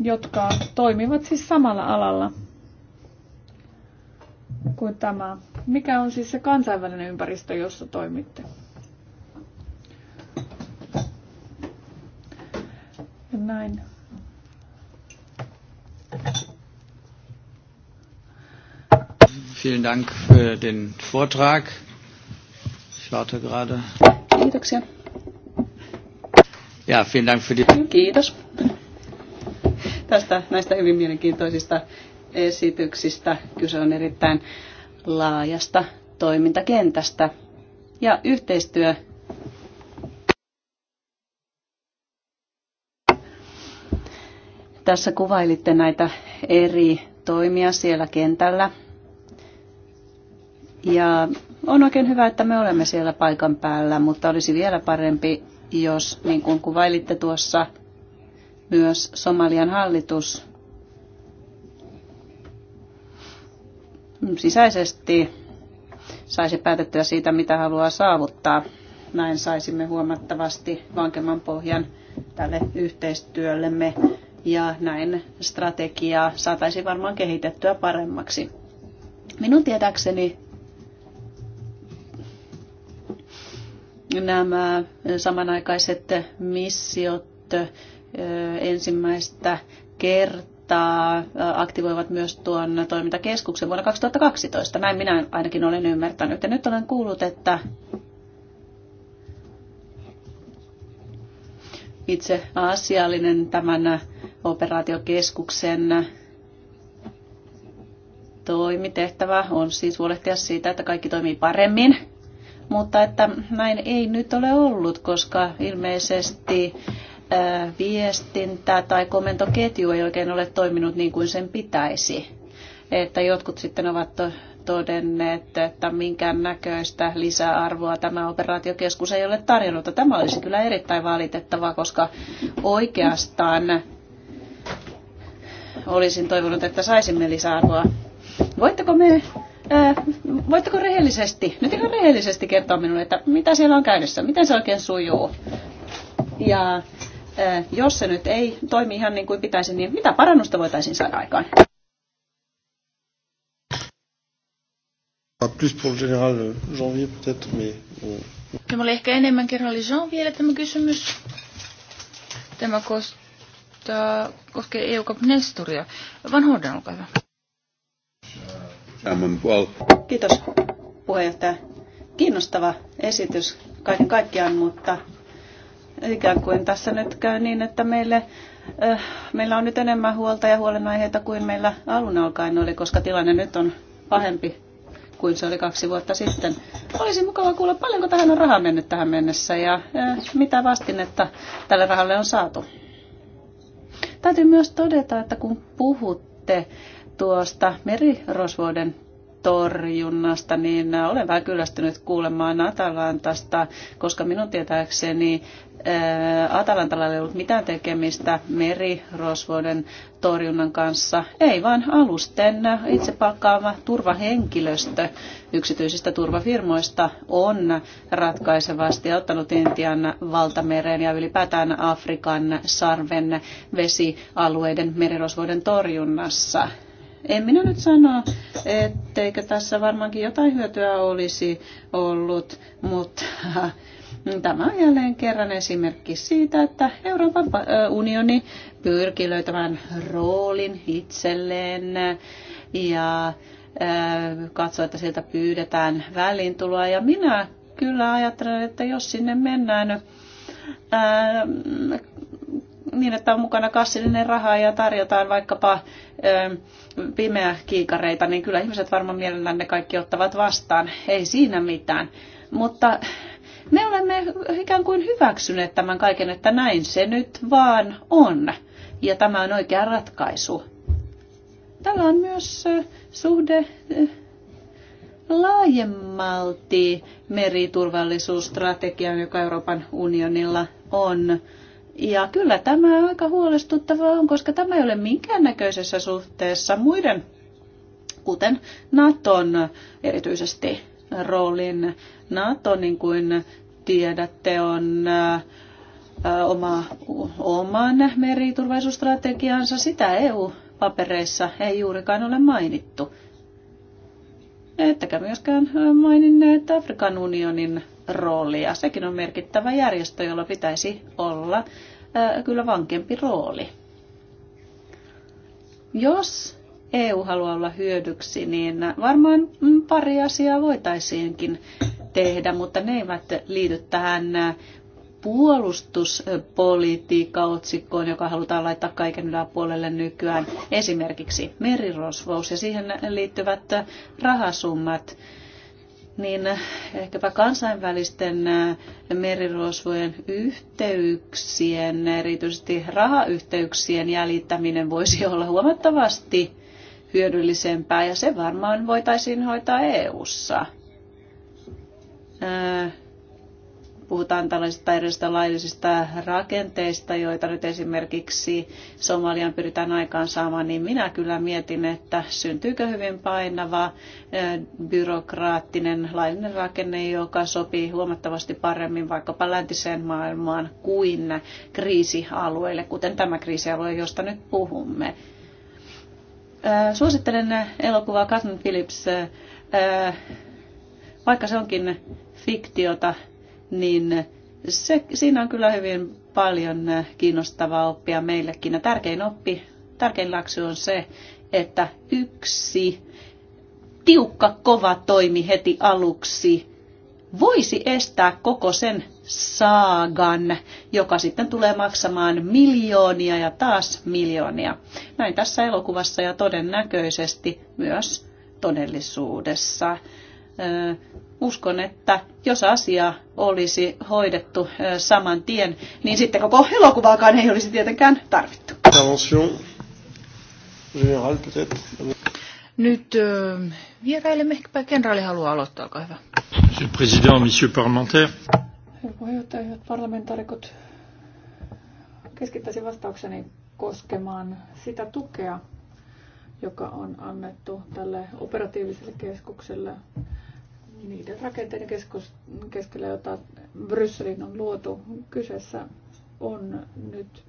jotka toimivat siis samalla alalla kuin tämä. Mikä on siis se kansainvälinen ympäristö, jossa toimitte? Ja näin. Vielen Dank für den Vortrag. Ich warte gerade. Kiitoksia. Ja, vielen Dank für die... Kiitos tästä näistä hyvin mielenkiintoisista esityksistä. Kyse on erittäin laajasta toimintakentästä. Ja yhteistyö Tässä kuvailitte näitä eri toimia siellä kentällä. Ja on oikein hyvä, että me olemme siellä paikan päällä, mutta olisi vielä parempi, jos niin kuin kuvailitte tuossa, myös Somalian hallitus sisäisesti saisi päätettyä siitä, mitä haluaa saavuttaa. Näin saisimme huomattavasti vankemman pohjan tälle yhteistyöllemme ja näin strategiaa saataisiin varmaan kehitettyä paremmaksi. Minun tietääkseni nämä samanaikaiset missiot ensimmäistä kertaa tota, aktivoivat myös tuon toimintakeskuksen vuonna 2012. Näin minä ainakin olen ymmärtänyt. Ja nyt olen kuullut, että itse asiallinen tämän operaatiokeskuksen toimitehtävä on siis huolehtia siitä, että kaikki toimii paremmin. Mutta että näin ei nyt ole ollut, koska ilmeisesti viestintä tai komentoketju ei oikein ole toiminut niin kuin sen pitäisi. Että jotkut sitten ovat todenneet, että minkään näköistä lisäarvoa tämä operaatiokeskus ei ole tarjonnut. Tämä olisi kyllä erittäin valitettavaa, koska oikeastaan olisin toivonut, että saisimme lisäarvoa. Voitteko me Ää, voitteko rehellisesti, nyt ihan rehellisesti kertoa minulle, että mitä siellä on käynnissä, miten se oikein sujuu? Ja jos se nyt ei toimi ihan niin kuin pitäisi, niin mitä parannusta voitaisiin saada aikaan? Plus pour le général euh, janvier peut-être, mais euh, Tämä oli ehkä enemmän kerralli Jean tämä kysymys. Tämä kostaa, koskee eu Nestoria. Van Horden, olkaa hyvä. Kiitos puheenjohtaja. Kiinnostava esitys kaiken kaikkiaan, mutta ikään kuin tässä nyt käy niin, että meille, äh, meillä on nyt enemmän huolta ja huolenaiheita kuin meillä alun alkaen oli, koska tilanne nyt on pahempi kuin se oli kaksi vuotta sitten. Olisi mukava kuulla, paljonko tähän on rahaa mennyt tähän mennessä ja äh, mitä vastinetta tälle rahalle on saatu. Täytyy myös todeta, että kun puhutte tuosta merirosvoiden torjunnasta, niin olen vähän kyllästynyt kuulemaan Atalantasta, koska minun tietääkseni Atalantalla ei ollut mitään tekemistä merirosvoiden torjunnan kanssa. Ei vaan alusten itse palkkaava turvahenkilöstö yksityisistä turvafirmoista on ratkaisevasti ottanut Intian valtamereen ja ylipäätään Afrikan sarven vesialueiden merirosvoiden torjunnassa. En minä nyt sano, etteikö tässä varmaankin jotain hyötyä olisi ollut, mutta Tämä on jälleen kerran esimerkki siitä, että Euroopan unioni pyrkii löytämään roolin itselleen ja katsoo, että sieltä pyydetään väliintuloa. Ja minä kyllä ajattelen, että jos sinne mennään niin, että on mukana kassillinen rahaa ja tarjotaan vaikkapa ö, ähm, pimeä kiikareita, niin kyllä ihmiset varmaan mielellään ne kaikki ottavat vastaan. Ei siinä mitään. Mutta me olemme ikään kuin hyväksyneet tämän kaiken, että näin se nyt vaan on. Ja tämä on oikea ratkaisu. Tällä on myös äh, suhde äh, laajemmalti meriturvallisuusstrategiaan, joka Euroopan unionilla on ja kyllä tämä on aika huolestuttavaa on, koska tämä ei ole minkäännäköisessä suhteessa muiden, kuten Naton erityisesti roolin. Nato, niin kuin tiedätte, on äh, oma, oman meriturvallisuusstrategiansa. Sitä EU-papereissa ei juurikaan ole mainittu. Ettäkä myöskään maininneet Afrikan unionin roolia. Sekin on merkittävä järjestö, jolla pitäisi olla kyllä vankempi rooli. Jos EU haluaa olla hyödyksi, niin varmaan mm, pari asiaa voitaisiinkin tehdä, mutta ne eivät liity tähän puolustuspolitiikka otsikkoon, joka halutaan laittaa kaiken yläpuolelle nykyään, esimerkiksi merirosvous ja siihen liittyvät rahasummat niin ehkäpä kansainvälisten äh, merirosvojen yhteyksien, erityisesti rahayhteyksien jäljittäminen voisi olla huomattavasti hyödyllisempää ja se varmaan voitaisiin hoitaa EU:ssa. Äh, puhutaan tällaisista erilaisista laillisista rakenteista, joita nyt esimerkiksi Somalian pyritään aikaansaamaan, saamaan, niin minä kyllä mietin, että syntyykö hyvin painava byrokraattinen laillinen rakenne, joka sopii huomattavasti paremmin vaikkapa läntiseen maailmaan kuin kriisialueille, kuten tämä kriisialue, josta nyt puhumme. Suosittelen elokuvaa Cotton Phillips, vaikka se onkin fiktiota, niin se, siinä on kyllä hyvin paljon kiinnostavaa oppia meillekin. Ja tärkein oppi, tärkein läksy on se, että yksi tiukka kova toimi heti aluksi voisi estää koko sen saagan, joka sitten tulee maksamaan miljoonia ja taas miljoonia. Näin tässä elokuvassa ja todennäköisesti myös todellisuudessa uskon, että jos asia olisi hoidettu saman tien, niin sitten koko elokuvaakaan ei olisi tietenkään tarvittu. Nyt äh, vierailemme, ehkäpä kenraali haluaa aloittaa, olkaa hyvä. Monsieur le Président, Monsieur parlementaire. Herra puheenjohtaja, hyvät parlamentaarikot, keskittäisin vastaukseni koskemaan sitä tukea, joka on annettu tälle operatiiviselle keskukselle niiden rakenteiden keskus, keskellä, jota Brysselin on luotu. Kyseessä on nyt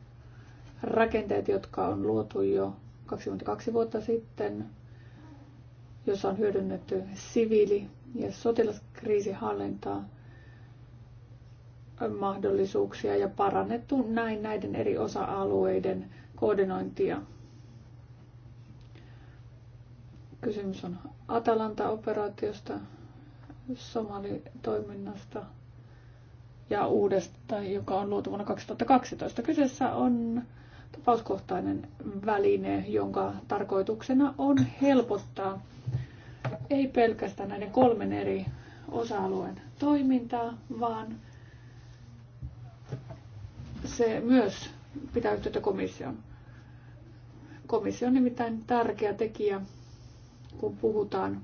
rakenteet, jotka on luotu jo 22 vuotta sitten, jossa on hyödynnetty siviili- ja sotilaskriisihallintaa mahdollisuuksia ja parannettu näin näiden eri osa-alueiden koordinointia. Kysymys on Atalanta-operaatiosta, somalitoiminnasta ja uudesta, joka on luotu vuonna 2012. Kyseessä on tapauskohtainen väline, jonka tarkoituksena on helpottaa ei pelkästään näiden kolmen eri osa-alueen toimintaa, vaan se myös pitää yhteyttä komission. Komissio on nimittäin tärkeä tekijä, kun puhutaan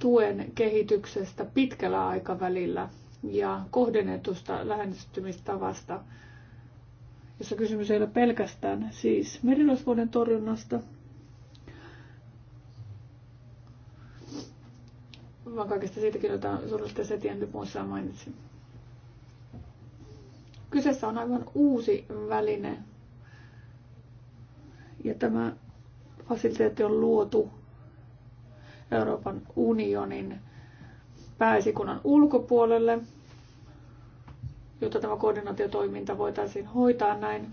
tuen kehityksestä pitkällä aikavälillä ja kohdennetusta lähestymistavasta, jossa kysymys ei ole pelkästään siis merirosvoiden torjunnasta, vaan kaikesta siitäkin, jota suurista setien Duponsa mainitsin. Kyseessä on aivan uusi väline ja tämä fasiliteetti on luotu Euroopan unionin pääesikunnan ulkopuolelle, jotta tämä koordinaatiotoiminta voitaisiin hoitaa näin.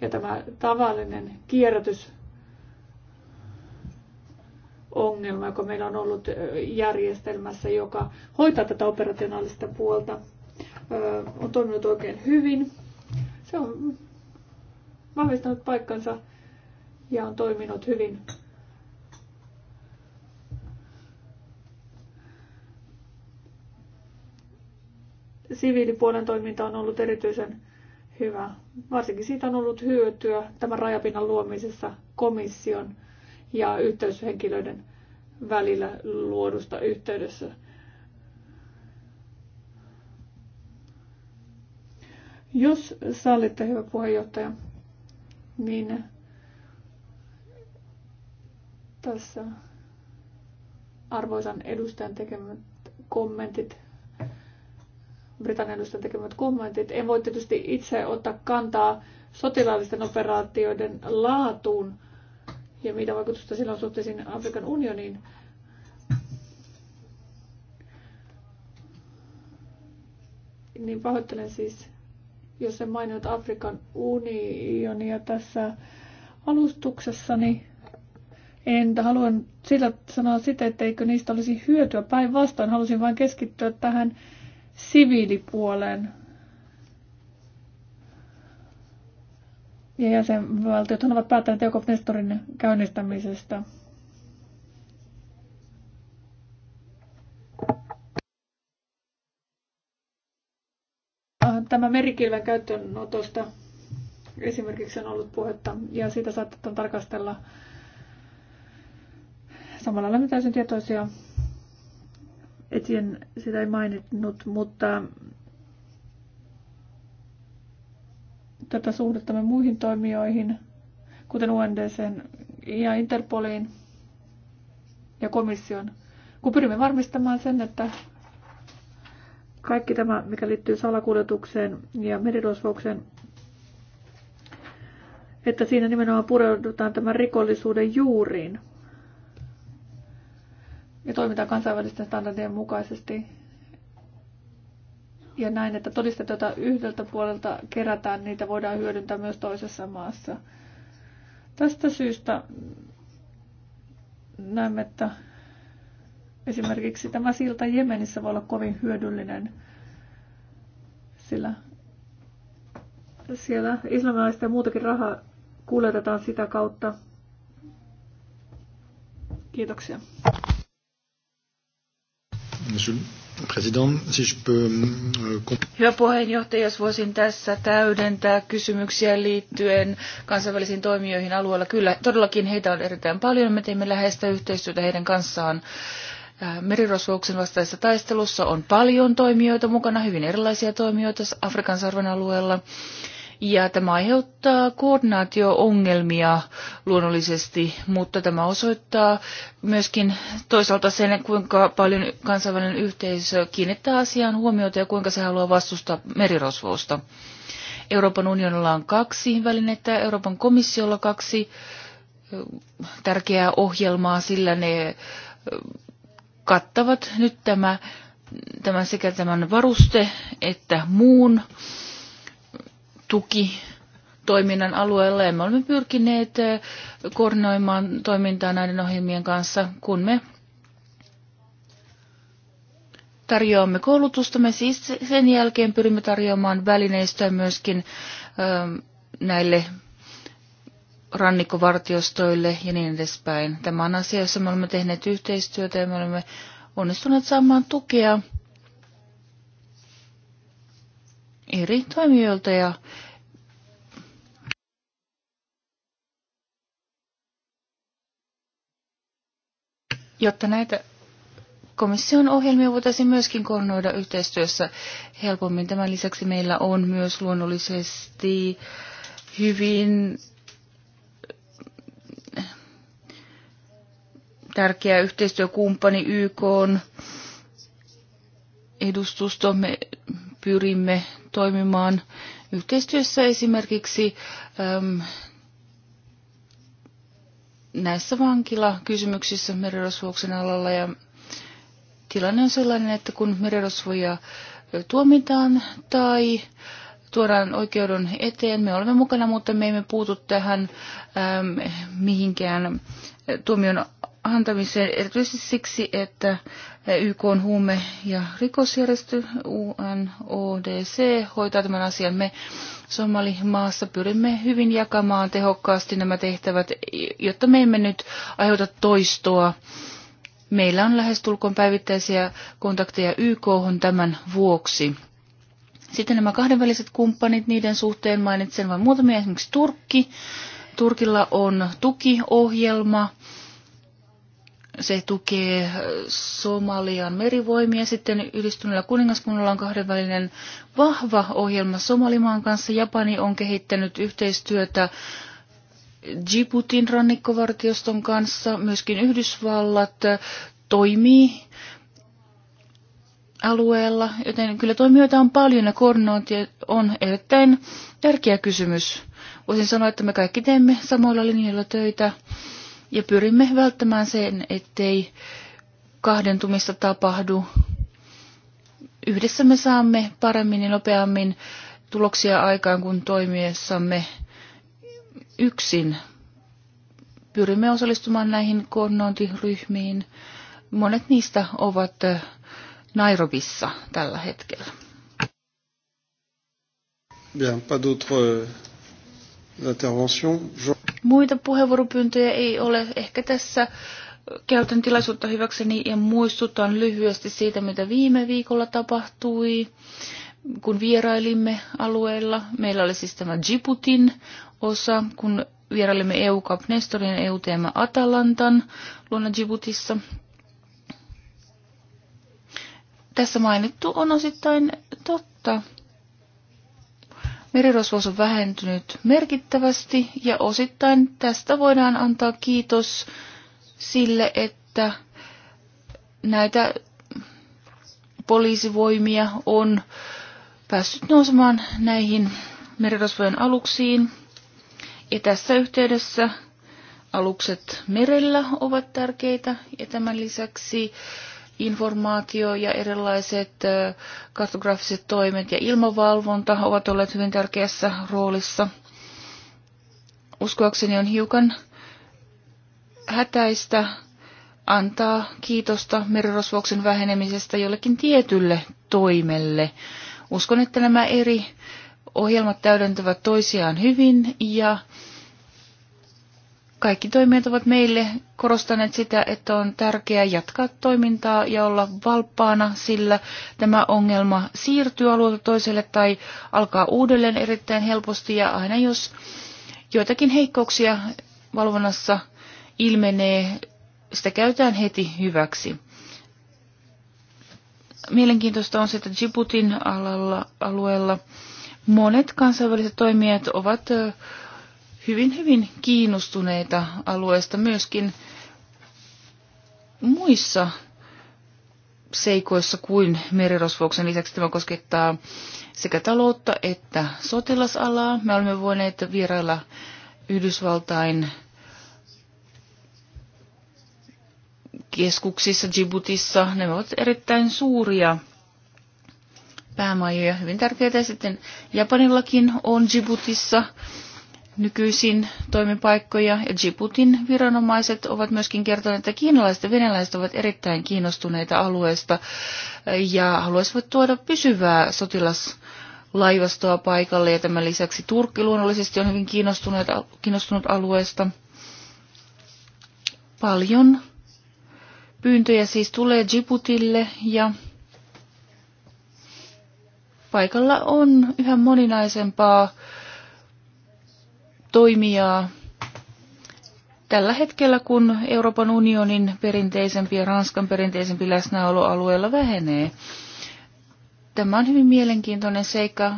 Ja tämä tavallinen kierrätys ongelma, joka meillä on ollut järjestelmässä, joka hoitaa tätä operationaalista puolta, on toiminut oikein hyvin. Se on vahvistanut paikkansa ja on toiminut hyvin. Siviilipuolen toiminta on ollut erityisen hyvä. Varsinkin siitä on ollut hyötyä tämän rajapinnan luomisessa komission ja yhteyshenkilöiden välillä luodusta yhteydessä. Jos sallitte, hyvä puheenjohtaja, niin tässä arvoisan edustajan tekemät kommentit, Britannian edustajan tekemät kommentit. En voi tietysti itse ottaa kantaa sotilaallisten operaatioiden laatuun ja mitä vaikutusta sillä on suhteisiin Afrikan unioniin. Niin pahoittelen siis, jos en maininnut Afrikan unionia tässä alustuksessani. Niin en haluan sillä sanoa sitä, etteikö niistä olisi hyötyä. Päinvastoin halusin vain keskittyä tähän siviilipuoleen. Ja jäsenvaltiot ovat päättäneet joko Nestorin käynnistämisestä. Tämä merikilven käyttöönotosta esimerkiksi on ollut puhetta ja sitä saatetaan tarkastella Samalla olemme täysin tietoisia. Etien sitä ei maininnut, mutta tätä suhdettamme muihin toimijoihin, kuten UNDC ja Interpoliin ja komission, kun pyrimme varmistamaan sen, että kaikki tämä, mikä liittyy salakuljetukseen ja merirosvoukseen, että siinä nimenomaan pureudutaan tämän rikollisuuden juuriin ja toimitaan kansainvälisten standardien mukaisesti. Ja näin, että todisteet, joita yhdeltä puolelta kerätään, niitä voidaan hyödyntää myös toisessa maassa. Tästä syystä näemme, että esimerkiksi tämä silta Jemenissä voi olla kovin hyödyllinen, sillä siellä islamilaista ja muutakin rahaa kuljetetaan sitä kautta. Kiitoksia. Euh, Hyvä puheenjohtaja, jos voisin tässä täydentää kysymyksiä liittyen kansainvälisiin toimijoihin alueella. Kyllä, todellakin heitä on erittäin paljon. Me teemme läheistä yhteistyötä heidän kanssaan. Äh, merirosvouksen vastaisessa taistelussa on paljon toimijoita mukana, hyvin erilaisia toimijoita Afrikan sarven alueella. Ja tämä aiheuttaa koordinaatio-ongelmia luonnollisesti, mutta tämä osoittaa myöskin toisaalta sen, kuinka paljon kansainvälinen yhteisö kiinnittää asiaan huomiota ja kuinka se haluaa vastustaa merirosvousta. Euroopan unionilla on kaksi välinettä, Euroopan komissiolla kaksi tärkeää ohjelmaa, sillä ne kattavat nyt tämä, tämän sekä tämän varuste että muun tuki toiminnan alueella ja me olemme pyrkineet koordinoimaan toimintaa näiden ohjelmien kanssa, kun me tarjoamme koulutusta. Me siis sen jälkeen pyrimme tarjoamaan välineistöä myöskin näille rannikkovartiostoille ja niin edespäin. Tämä on asia, jossa me olemme tehneet yhteistyötä ja me olemme onnistuneet saamaan tukea eri toimijoilta ja jotta näitä komission ohjelmia voitaisiin myöskin koordinoida yhteistyössä helpommin. Tämän lisäksi meillä on myös luonnollisesti hyvin tärkeä yhteistyökumppani YK on edustusto. Me pyrimme toimimaan yhteistyössä esimerkiksi äm, näissä vankilakysymyksissä merirosvouksen alalla. Ja tilanne on sellainen, että kun merirosvoja tuomitaan tai tuodaan oikeuden eteen, me olemme mukana, mutta me emme puutu tähän äm, mihinkään tuomion antamiseen erityisesti siksi, että YK on huume- ja rikosjärjestö UNODC hoitaa tämän asian. Me Somali-maassa pyrimme hyvin jakamaan tehokkaasti nämä tehtävät, jotta me emme nyt aiheuta toistoa. Meillä on lähestulkoon päivittäisiä kontakteja YK tämän vuoksi. Sitten nämä kahdenväliset kumppanit, niiden suhteen mainitsen vain muutamia, esimerkiksi Turkki. Turkilla on tukiohjelma se tukee äh, Somalian merivoimia. Sitten yhdistyneellä kuningaskunnalla on kahdenvälinen vahva ohjelma Somalimaan kanssa. Japani on kehittänyt yhteistyötä Djiboutin rannikkovartioston kanssa. Myöskin Yhdysvallat äh, toimii alueella, joten kyllä toimijoita on paljon ja koordinointi on erittäin tärkeä kysymys. Voisin sanoa, että me kaikki teemme samoilla linjoilla töitä ja pyrimme välttämään sen, ettei kahdentumista tapahdu. Yhdessä me saamme paremmin ja nopeammin tuloksia aikaan kuin toimiessamme yksin. Pyrimme osallistumaan näihin koordinointiryhmiin. Monet niistä ovat Nairobissa tällä hetkellä. Bien, pas d'autres euh, interventions. Je... Muita puheenvuoropyyntöjä ei ole. Ehkä tässä käytän tilaisuutta hyväkseni ja muistutan lyhyesti siitä, mitä viime viikolla tapahtui, kun vierailimme alueella. Meillä oli siis tämä Djiboutin osa, kun vierailimme EU Cup Nestorin ja EUTM Atalantan luona Djiboutissa. Tässä mainittu on osittain totta. Merirosvous on vähentynyt merkittävästi ja osittain tästä voidaan antaa kiitos sille, että näitä poliisivoimia on päässyt nousemaan näihin merirosvojen aluksiin. Ja tässä yhteydessä alukset merellä ovat tärkeitä ja tämän lisäksi informaatio ja erilaiset kartografiset toimet ja ilmavalvonta ovat olleet hyvin tärkeässä roolissa. Uskoakseni on hiukan hätäistä antaa kiitosta merirosvoksen vähenemisestä jollekin tietylle toimelle. Uskon, että nämä eri ohjelmat täydentävät toisiaan hyvin ja kaikki toimijat ovat meille korostaneet sitä, että on tärkeää jatkaa toimintaa ja olla valppaana, sillä tämä ongelma siirtyy alueelta toiselle tai alkaa uudelleen erittäin helposti ja aina jos joitakin heikkouksia valvonnassa ilmenee, sitä käytetään heti hyväksi. Mielenkiintoista on se, että Djiboutin alalla, alueella monet kansainväliset toimijat ovat hyvin, hyvin kiinnostuneita alueesta myöskin muissa seikoissa kuin merirosvouksen lisäksi tämä koskettaa sekä taloutta että sotilasalaa. Me olemme voineet vierailla Yhdysvaltain keskuksissa Djiboutissa. ne ovat erittäin suuria päämajoja, hyvin tärkeitä. Sitten Japanillakin on Djiboutissa nykyisin toimipaikkoja ja Djiboutin viranomaiset ovat myöskin kertoneet, että kiinalaiset ja venäläiset ovat erittäin kiinnostuneita alueesta ja haluaisivat tuoda pysyvää sotilas laivastoa paikalle ja tämän lisäksi Turkki luonnollisesti on hyvin kiinnostunut, kiinnostunut alueesta. Paljon pyyntöjä siis tulee Djiboutille ja paikalla on yhä moninaisempaa toimijaa tällä hetkellä, kun Euroopan unionin perinteisempi ja Ranskan perinteisempi läsnäolo alueella vähenee. Tämä on hyvin mielenkiintoinen seikka.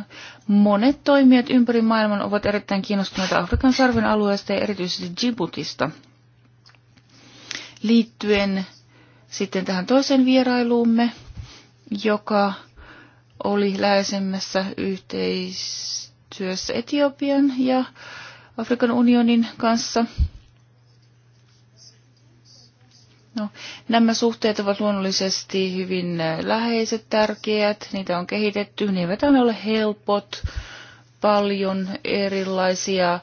Monet toimijat ympäri maailman ovat erittäin kiinnostuneita Afrikan sarven alueesta ja erityisesti Djiboutista. Liittyen sitten tähän toiseen vierailuumme, joka oli läheisemmässä yhteistyössä Etiopian ja Afrikan unionin kanssa. No, nämä suhteet ovat luonnollisesti hyvin äh, läheiset, tärkeät, niitä on kehitetty, ne eivät aina ole helpot, paljon erilaisia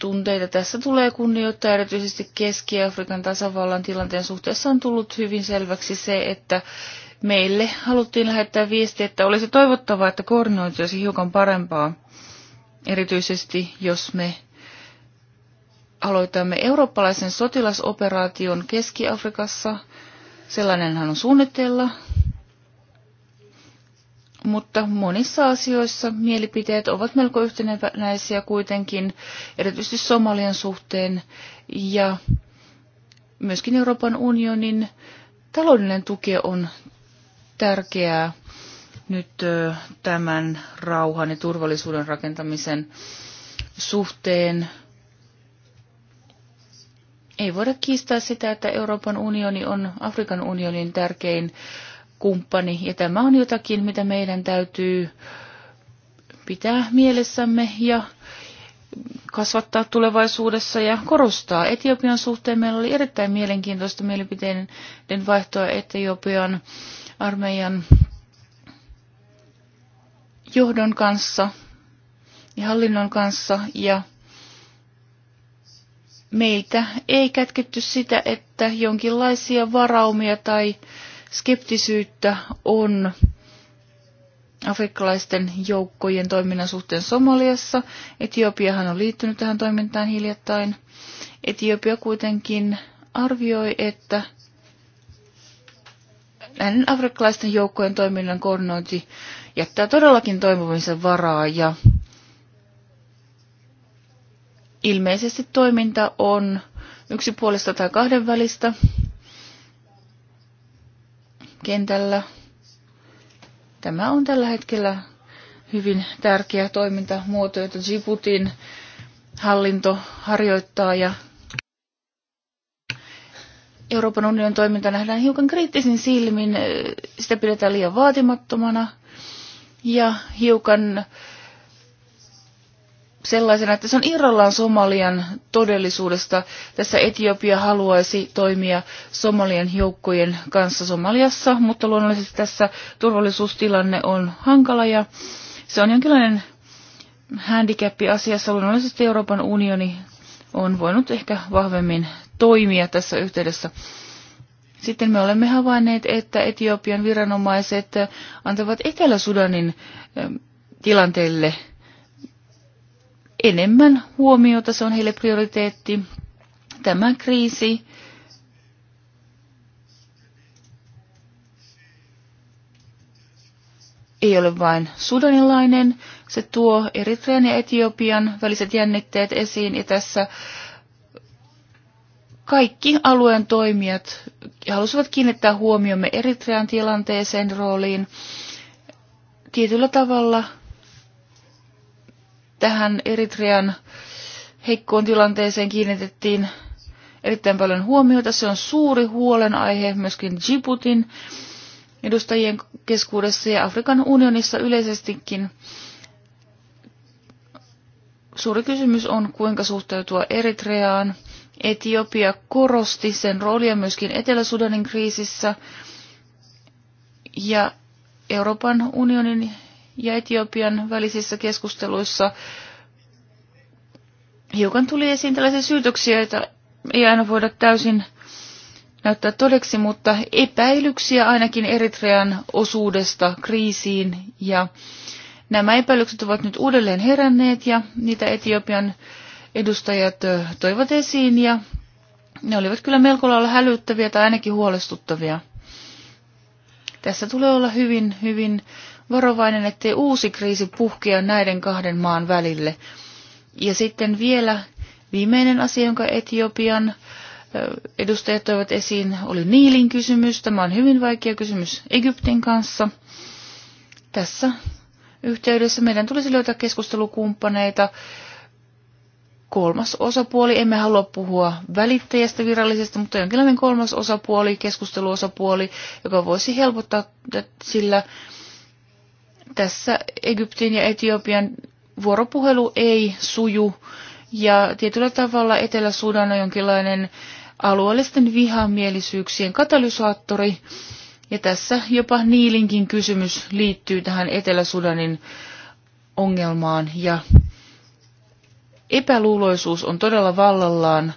tunteita tässä tulee kunnioittaa. Erityisesti Keski-Afrikan tasavallan tilanteen suhteessa on tullut hyvin selväksi se, että meille haluttiin lähettää viesti, että olisi toivottavaa, että koordinointi olisi hiukan parempaa, erityisesti jos me aloitamme eurooppalaisen sotilasoperaation Keski-Afrikassa. Sellainenhan on suunnitteilla, mutta monissa asioissa mielipiteet ovat melko yhtenäisiä kuitenkin, erityisesti Somalian suhteen ja myöskin Euroopan unionin taloudellinen tuki on tärkeää nyt tämän rauhan ja turvallisuuden rakentamisen suhteen. Ei voida kiistää sitä, että Euroopan unioni on Afrikan unionin tärkein kumppani, ja tämä on jotakin, mitä meidän täytyy pitää mielessämme ja kasvattaa tulevaisuudessa ja korostaa. Etiopian suhteen meillä oli erittäin mielenkiintoista mielipiteiden vaihtoa Etiopian armeijan johdon kanssa ja hallinnon kanssa ja meiltä ei kätketty sitä, että jonkinlaisia varaumia tai skeptisyyttä on afrikkalaisten joukkojen toiminnan suhteen Somaliassa. Etiopiahan on liittynyt tähän toimintaan hiljattain. Etiopia kuitenkin arvioi, että näiden afrikkalaisten joukkojen toiminnan koordinointi jättää todellakin toimimisen varaa ja ilmeisesti toiminta on yksipuolista tai kahdenvälistä kentällä. Tämä on tällä hetkellä hyvin tärkeä toimintamuoto, jota Djiboutin hallinto harjoittaa ja Euroopan unionin toiminta nähdään hiukan kriittisin silmin, sitä pidetään liian vaatimattomana ja hiukan sellaisena, että se on irrallaan Somalian todellisuudesta. Tässä Etiopia haluaisi toimia Somalian joukkojen kanssa Somaliassa, mutta luonnollisesti tässä turvallisuustilanne on hankala ja se on jonkinlainen handicap asiassa. Luonnollisesti Euroopan unioni on voinut ehkä vahvemmin toimia tässä yhteydessä. Sitten me olemme havainneet, että Etiopian viranomaiset antavat Etelä-Sudanin ähm, tilanteelle enemmän huomiota, se on heille prioriteetti. Tämä kriisi ei ole vain sudanilainen, se tuo Eritrean ja Etiopian väliset jännitteet esiin ja tässä kaikki alueen toimijat halusivat kiinnittää huomiomme Eritrean tilanteeseen, rooliin. Tietyllä tavalla tähän Eritrean heikkoon tilanteeseen kiinnitettiin erittäin paljon huomiota. Se on suuri huolenaihe myöskin Djiboutin edustajien keskuudessa ja Afrikan unionissa yleisestikin. Suuri kysymys on, kuinka suhteutua Eritreaan. Etiopia korosti sen roolia myöskin Etelä-Sudanin kriisissä. Ja Euroopan unionin ja Etiopian välisissä keskusteluissa hiukan tuli esiin tällaisia syytöksiä, joita ei aina voida täysin näyttää todeksi, mutta epäilyksiä ainakin Eritrean osuudesta kriisiin ja nämä epäilykset ovat nyt uudelleen heränneet ja niitä Etiopian edustajat toivat esiin ja ne olivat kyllä melko lailla hälyttäviä tai ainakin huolestuttavia. Tässä tulee olla hyvin, hyvin varovainen, ettei uusi kriisi puhkea näiden kahden maan välille. Ja sitten vielä viimeinen asia, jonka Etiopian äh, edustajat toivat esiin, oli Niilin kysymys. Tämä on hyvin vaikea kysymys Egyptin kanssa. Tässä yhteydessä meidän tulisi löytää keskustelukumppaneita. Kolmas osapuoli, emme halua puhua välittäjästä virallisesta, mutta jonkinlainen kolmas osapuoli, keskusteluosapuoli, joka voisi helpottaa sillä tässä Egyptin ja Etiopian vuoropuhelu ei suju ja tietyllä tavalla Etelä-Sudan on jonkinlainen alueellisten vihamielisyyksien katalysaattori. Ja tässä jopa Niilinkin kysymys liittyy tähän Etelä-Sudanin ongelmaan ja epäluuloisuus on todella vallallaan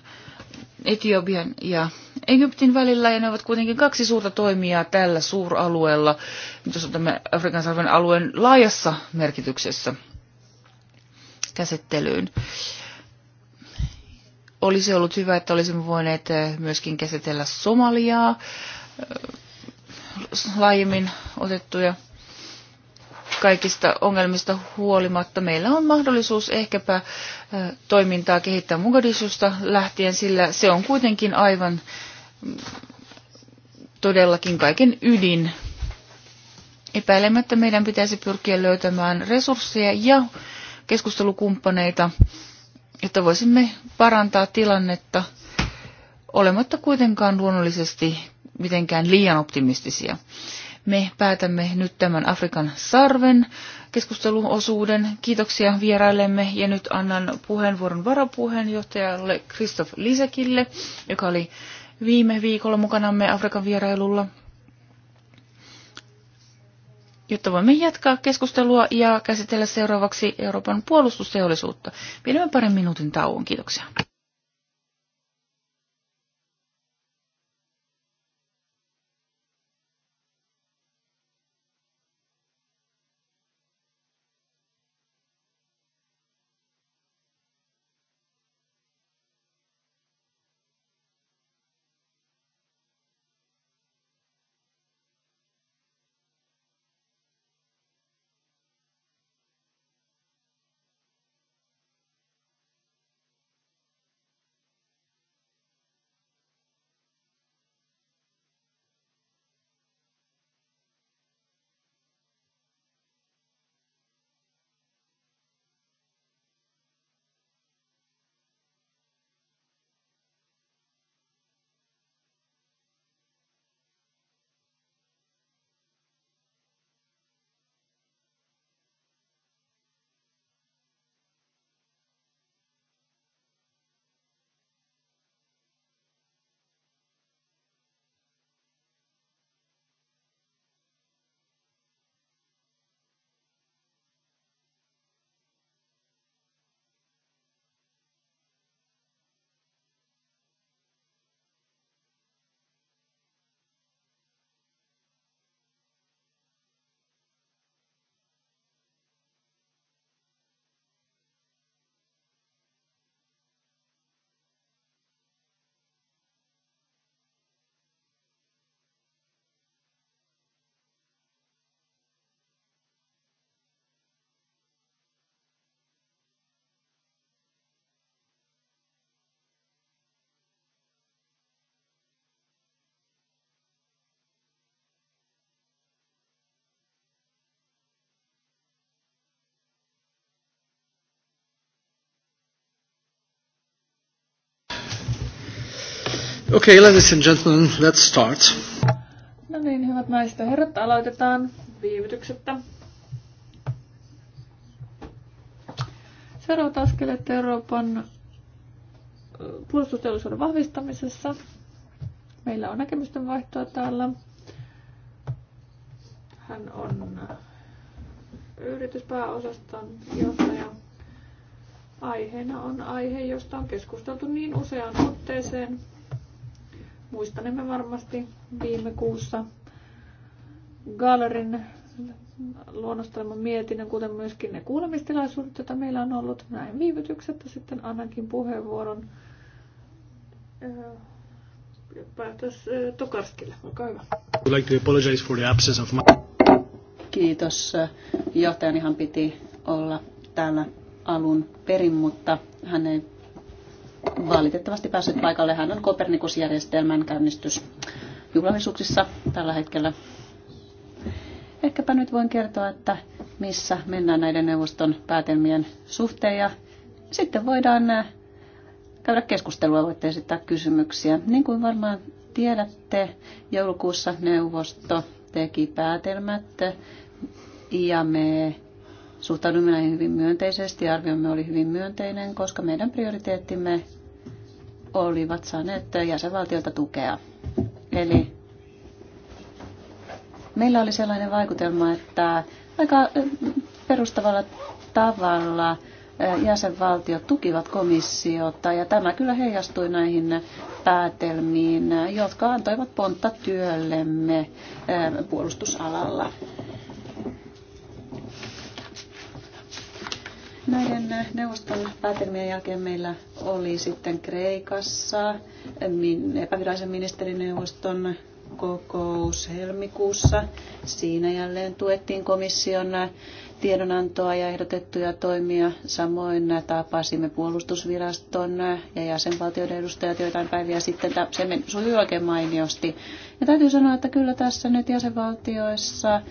Etiopian ja Egyptin välillä, ja ne ovat kuitenkin kaksi suurta toimijaa tällä suuralueella, jos otamme Afrikan sarven alueen laajassa merkityksessä käsittelyyn. Olisi ollut hyvä, että olisimme voineet eh, myöskin käsitellä Somaliaa eh, laajemmin otettuja kaikista ongelmista huolimatta meillä on mahdollisuus ehkäpä eh, toimintaa kehittää Mugadishusta lähtien, sillä se on kuitenkin aivan mm, todellakin kaiken ydin. Epäilemättä meidän pitäisi pyrkiä löytämään resursseja ja keskustelukumppaneita jotta voisimme parantaa tilannetta olematta kuitenkaan luonnollisesti mitenkään liian optimistisia. Me päätämme nyt tämän Afrikan sarven keskusteluosuuden. Kiitoksia vieraillemme ja nyt annan puheenvuoron varapuheenjohtajalle Kristof Lisekille, joka oli viime viikolla mukanamme Afrikan vierailulla jotta voimme jatkaa keskustelua ja käsitellä seuraavaksi Euroopan puolustusteollisuutta. Pidämme parin minuutin tauon. Kiitoksia. Okay, ladies and gentlemen, let's start. No niin, hyvät naiset ja herrat, aloitetaan viivytyksettä. Seuraavat askeleet Euroopan puolustusteollisuuden vahvistamisessa. Meillä on näkemysten vaihtoa täällä. Hän on yrityspääosaston johtaja. Aiheena on aihe, josta on keskusteltu niin useaan otteeseen, Muistanemme varmasti viime kuussa Gallerin luonnostelman mietinnön, kuten myöskin ne kuulemistilaisuudet, joita meillä on ollut näin viivytyksettä. Sitten annankin puheenvuoron äh, äh, Tokarskille. Olkaa hyvä. Would like to apologize for the absence of my... Kiitos. Johtajanihan piti olla täällä alun perin, mutta hän ei valitettavasti päässyt paikalle. Hän on Kopernikusjärjestelmän juhlallisuuksissa tällä hetkellä. Ehkäpä nyt voin kertoa, että missä mennään näiden neuvoston päätelmien suhteen ja sitten voidaan äh, käydä keskustelua, voitte esittää kysymyksiä. Niin kuin varmaan tiedätte, joulukuussa neuvosto teki päätelmät ja me Suhtaudumme näihin hyvin myönteisesti. Arviomme oli hyvin myönteinen, koska meidän prioriteettimme olivat saaneet jäsenvaltiolta tukea. Eli meillä oli sellainen vaikutelma, että aika eh, perustavalla tavalla eh, jäsenvaltiot tukivat komissiota ja tämä kyllä heijastui näihin päätelmiin, jotka antoivat pontta työllemme eh, puolustusalalla. Näiden äh, neuvoston päätelmien jälkeen meillä oli sitten Kreikassa äh, epävirallisen ministerineuvoston kokous helmikuussa. Siinä jälleen tuettiin komission äh, tiedonantoa ja ehdotettuja toimia. Samoin tapasimme puolustusviraston ja jäsenvaltioiden edustajat joitain päiviä sitten. Se meni oikein mainiosti. Ja täytyy sanoa, että kyllä tässä nyt jäsenvaltioissa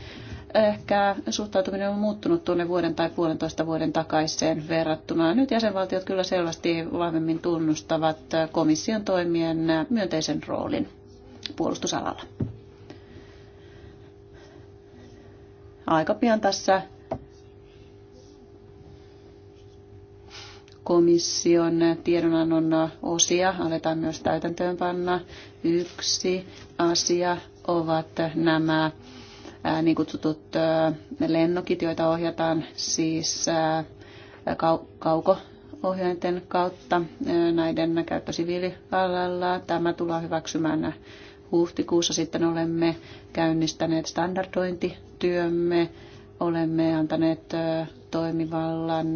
ehkä suhtautuminen on muuttunut tuonne vuoden tai puolentoista vuoden takaiseen verrattuna. Nyt jäsenvaltiot kyllä selvästi vahvemmin tunnustavat komission toimien myönteisen roolin puolustusalalla. Aika pian tässä komission tiedonannon osia aletaan myös täytäntöönpanna. Yksi asia ovat nämä niin kutsutut lennokit, joita ohjataan siis kauko ohjainten kautta näiden käyttö siviilialalla. Tämä tullaan hyväksymään huhtikuussa. Sitten olemme käynnistäneet standardointityömme. Olemme antaneet toimivallan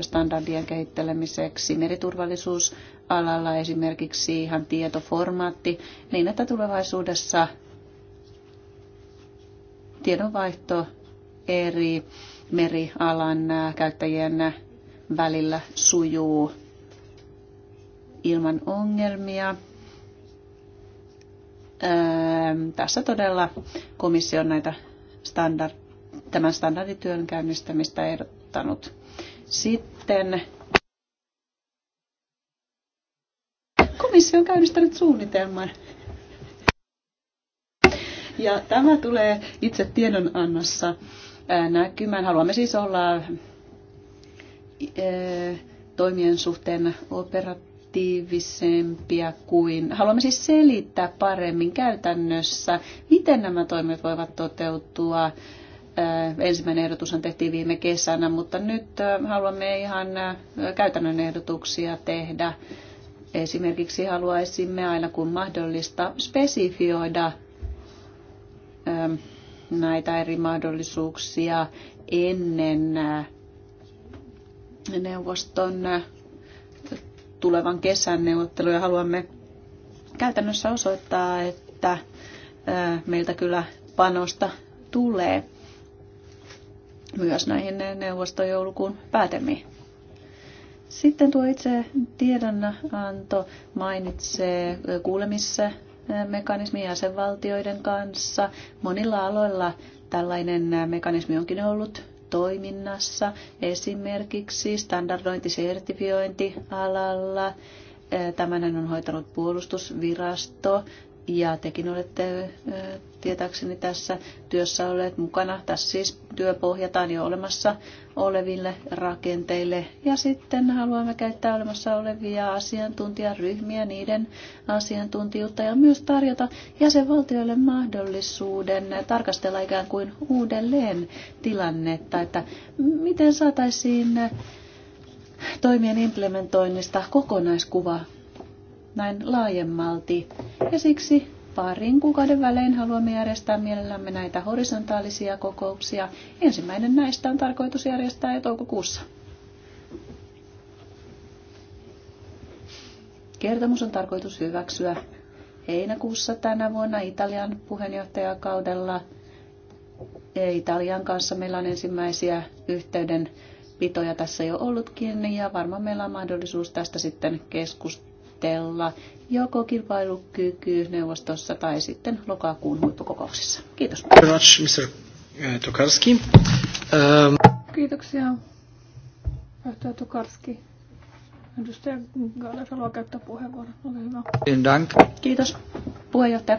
standardien kehittelemiseksi meriturvallisuusalalla esimerkiksi ihan tietoformaatti, niin että tulevaisuudessa tiedonvaihto eri merialan käyttäjien välillä sujuu ilman ongelmia. Tässä todella komissio on näitä standard, tämän standardityön käynnistämistä ehdottanut. Sitten komissio on käynnistänyt suunnitelman ja tämä tulee itse tiedonannossa näkymään. Haluamme siis olla toimien suhteen operatiivisempia kuin... Haluamme siis selittää paremmin käytännössä, miten nämä toimet voivat toteutua. Ensimmäinen ehdotushan tehtiin viime kesänä, mutta nyt haluamme ihan käytännön ehdotuksia tehdä. Esimerkiksi haluaisimme aina kun mahdollista spesifioida Ähm, näitä eri mahdollisuuksia ennen äh, neuvoston äh, tulevan kesän neuvotteluja. Haluamme käytännössä osoittaa, että äh, meiltä kyllä panosta tulee myös näihin neuvoston joulukuun päätelmiin. Sitten tuo itse tiedonanto mainitsee kuulemissa mekanismi jäsenvaltioiden kanssa. Monilla aloilla tällainen mekanismi onkin ollut toiminnassa, esimerkiksi standardointisertifiointialalla. Tämän on hoitanut puolustusvirasto ja tekin olette tietääkseni tässä työssä olleet mukana. Tässä siis työ pohjataan jo olemassa oleville rakenteille. Ja sitten haluamme käyttää olemassa olevia asiantuntijaryhmiä, niiden asiantuntijuutta ja myös tarjota jäsenvaltioille mahdollisuuden tarkastella ikään kuin uudelleen tilannetta, että miten saataisiin toimien implementoinnista kokonaiskuva näin laajemmalti. Ja siksi parin kuukauden välein haluamme järjestää mielellämme näitä horisontaalisia kokouksia. Ensimmäinen näistä on tarkoitus järjestää jo toukokuussa. Kertomus on tarkoitus hyväksyä heinäkuussa tänä vuonna Italian puheenjohtajakaudella. Italian kanssa meillä on ensimmäisiä yhteydenpitoja tässä jo ollutkin ja varmaan meillä on mahdollisuus tästä sitten keskustella neuvotella joko kilpailukyky neuvostossa tai sitten lokakuun huippukokouksessa. Kiitos. Eh, Tokarski. Um, Kiitoksia. Johtaja Tokarski. Edustaja Gales haluaa käyttää puheenvuoron. Ole hyvä. Dank. Kiitos puheenjohtaja.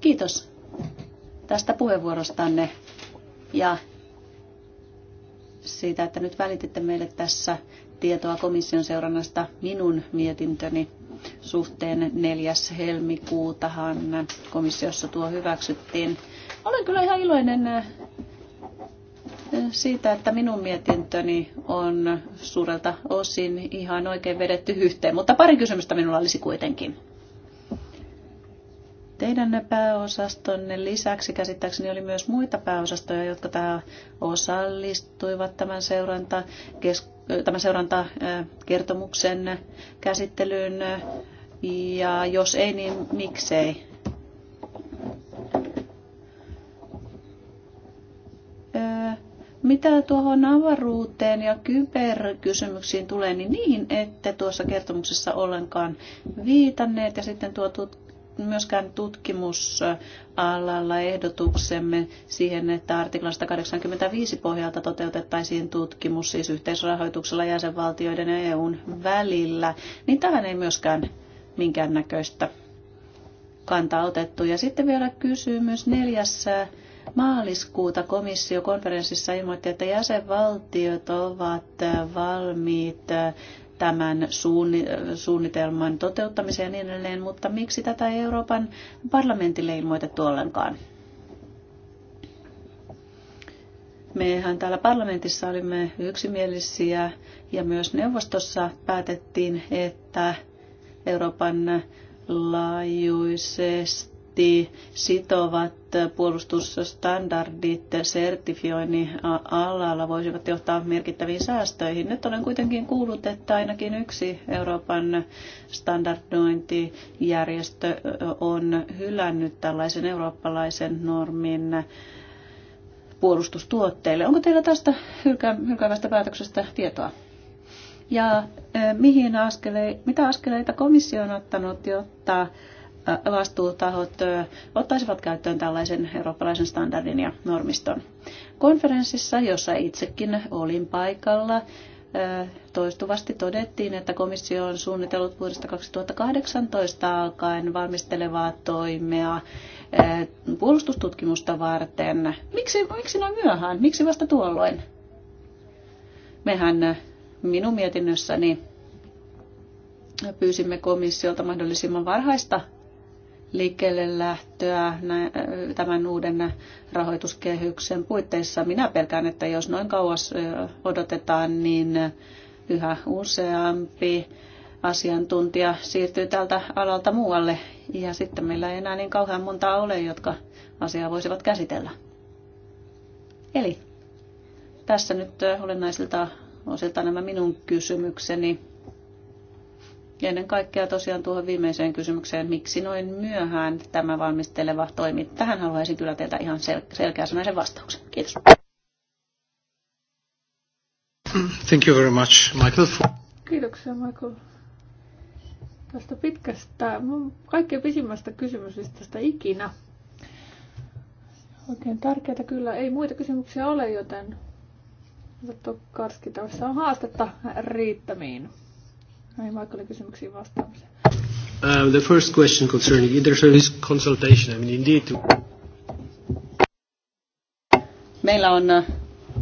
Kiitos tästä puheenvuorostanne ja siitä, että nyt välititte meille tässä tietoa komission seurannasta minun mietintöni suhteen 4. helmikuutahan komissiossa tuo hyväksyttiin. Olen kyllä ihan iloinen äh, siitä, että minun mietintöni on suurelta osin ihan oikein vedetty yhteen, mutta pari kysymystä minulla olisi kuitenkin. Teidän pääosastonne lisäksi käsittääkseni oli myös muita pääosastoja, jotka tähän osallistuivat tämän seurantakeskustelun tämän seurantakertomuksen käsittelyyn? Ja jos ei, niin miksei? Mitä tuohon avaruuteen ja kyberkysymyksiin tulee, niin niihin ette tuossa kertomuksessa ollenkaan viitanneet. Ja sitten tuo myöskään tutkimusalalla ehdotuksemme siihen, että artiklasta 85 pohjalta toteutettaisiin tutkimus siis yhteisrahoituksella jäsenvaltioiden ja EUn välillä, niin tähän ei myöskään minkäännäköistä kantaa otettu. Ja sitten vielä kysymys neljässä maaliskuuta komissio konferenssissa ilmoitti, että jäsenvaltiot ovat valmiit tämän suunnitelman toteuttamiseen ja niin edelleen, mutta miksi tätä ei Euroopan parlamentille ilmoitettu ollenkaan? Mehän täällä parlamentissa olimme yksimielisiä ja myös neuvostossa päätettiin, että Euroopan laajuisesti vaatii sitovat puolustusstandardit sertifioinnin alalla voisivat johtaa merkittäviin säästöihin. Nyt olen kuitenkin kuullut, että ainakin yksi Euroopan standardointijärjestö on hylännyt tällaisen eurooppalaisen normin puolustustuotteille. Onko teillä tästä hylkäävästä päätöksestä tietoa? Ja eh, mihin askele, mitä askeleita komissio on ottanut, jotta vastuutahot ottaisivat käyttöön tällaisen eurooppalaisen standardin ja normiston. Konferenssissa, jossa itsekin olin paikalla, toistuvasti todettiin, että komissio on suunnitellut vuodesta 2018 alkaen valmistelevaa toimea puolustustutkimusta varten. Miksi, miksi noin myöhään? Miksi vasta tuolloin? Mehän minun mietinnössäni pyysimme komissiolta mahdollisimman varhaista liikkeelle lähtöä äh, tämän uuden rahoituskehyksen puitteissa. Minä pelkään, että jos noin kauas odotetaan, niin yhä useampi asiantuntija siirtyy tältä alalta muualle ja sitten meillä ei enää niin kauhean montaa ole, jotka asiaa voisivat käsitellä. Eli tässä nyt olennaisilta osilta nämä minun kysymykseni. Ja ennen kaikkea tosiaan tuohon viimeiseen kysymykseen, miksi noin myöhään tämä valmisteleva toimi? Tähän haluaisin kyllä teiltä ihan sel- sanaisen vastauksen. Kiitos. Thank you very much, Michael. Kiitoksia, Michael. Tästä pitkästä, kaikkein pisimmästä kysymyslistasta ikinä. Oikein tärkeää kyllä. Ei muita kysymyksiä ole, joten Karski tässä on haastetta riittämiin. Um, the first question concerning inter-service consultation, I mean indeed. Meillä on uh,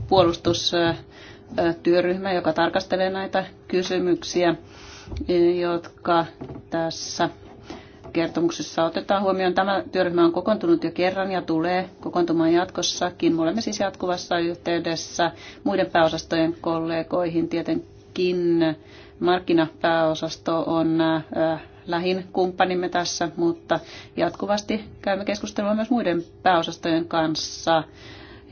puolustustyöryhmä, uh, joka tarkastelee näitä kysymyksiä, e, jotka tässä kertomuksessa otetaan huomioon. Tämä työryhmä on kokoontunut jo kerran ja tulee kokoontumaan jatkossakin. Me olemme siis jatkuvassa yhteydessä muiden pääosastojen kollegoihin tietenkin Markkinapääosasto on äh, lähin kumppanimme tässä, mutta jatkuvasti käymme keskustelua myös muiden pääosastojen kanssa,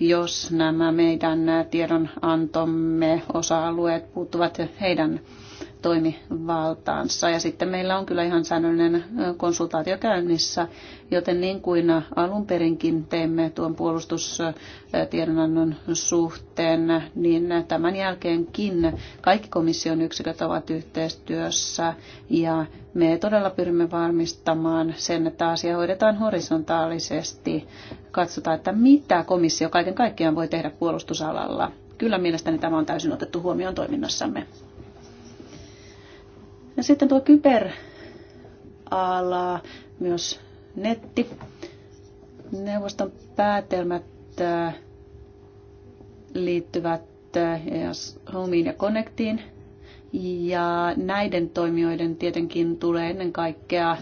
jos nämä meidän tiedonantomme osa-alueet puuttuvat heidän toimivaltaansa. Ja sitten meillä on kyllä ihan säännöllinen konsultaatio käynnissä, joten niin kuin alun perinkin teemme tuon puolustustiedonannon suhteen, niin tämän jälkeenkin kaikki komission yksiköt ovat yhteistyössä ja me todella pyrimme varmistamaan sen, että asia hoidetaan horisontaalisesti. Katsotaan, että mitä komissio kaiken kaikkiaan voi tehdä puolustusalalla. Kyllä mielestäni tämä on täysin otettu huomioon toiminnassamme. Ja sitten tuo kyberala, myös netti. Neuvoston päätelmät äh, liittyvät Homeen äh, ja Connectiin. Ja näiden toimijoiden tietenkin tulee ennen kaikkea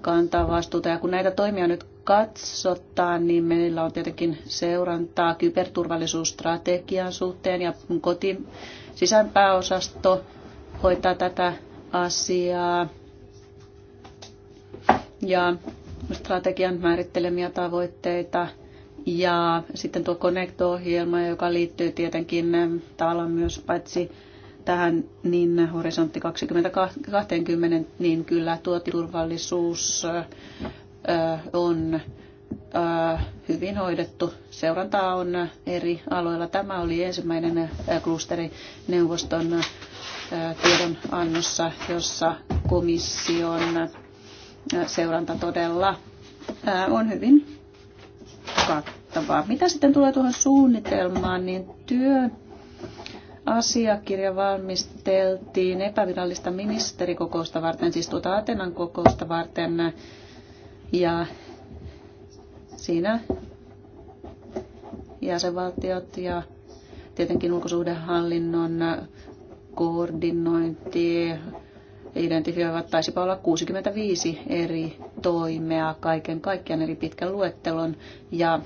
kantaa vastuuta. Ja kun näitä toimia nyt katsotaan, niin meillä on tietenkin seurantaa kyberturvallisuusstrategian suhteen ja koti sisäänpääosasto hoitaa tätä asiaa ja strategian määrittelemiä tavoitteita. Ja sitten tuo Connect-ohjelma, joka liittyy tietenkin tavallaan myös paitsi tähän niin horisontti 2020, niin kyllä tuo turvallisuus on hyvin hoidettu. Seurantaa on eri aloilla. Tämä oli ensimmäinen klusteri neuvoston tiedonannossa, jossa komission seuranta todella on hyvin kattava. Mitä sitten tulee tuohon suunnitelmaan, niin työ asiakirja valmisteltiin epävirallista ministerikokousta varten, siis tuota Atenan kokousta varten. Ja siinä jäsenvaltiot ja tietenkin ulkosuhdehallinnon koordinointi identifioivat taisipa olla 65 eri toimea kaiken kaikkiaan, eli pitkän luettelon. Ja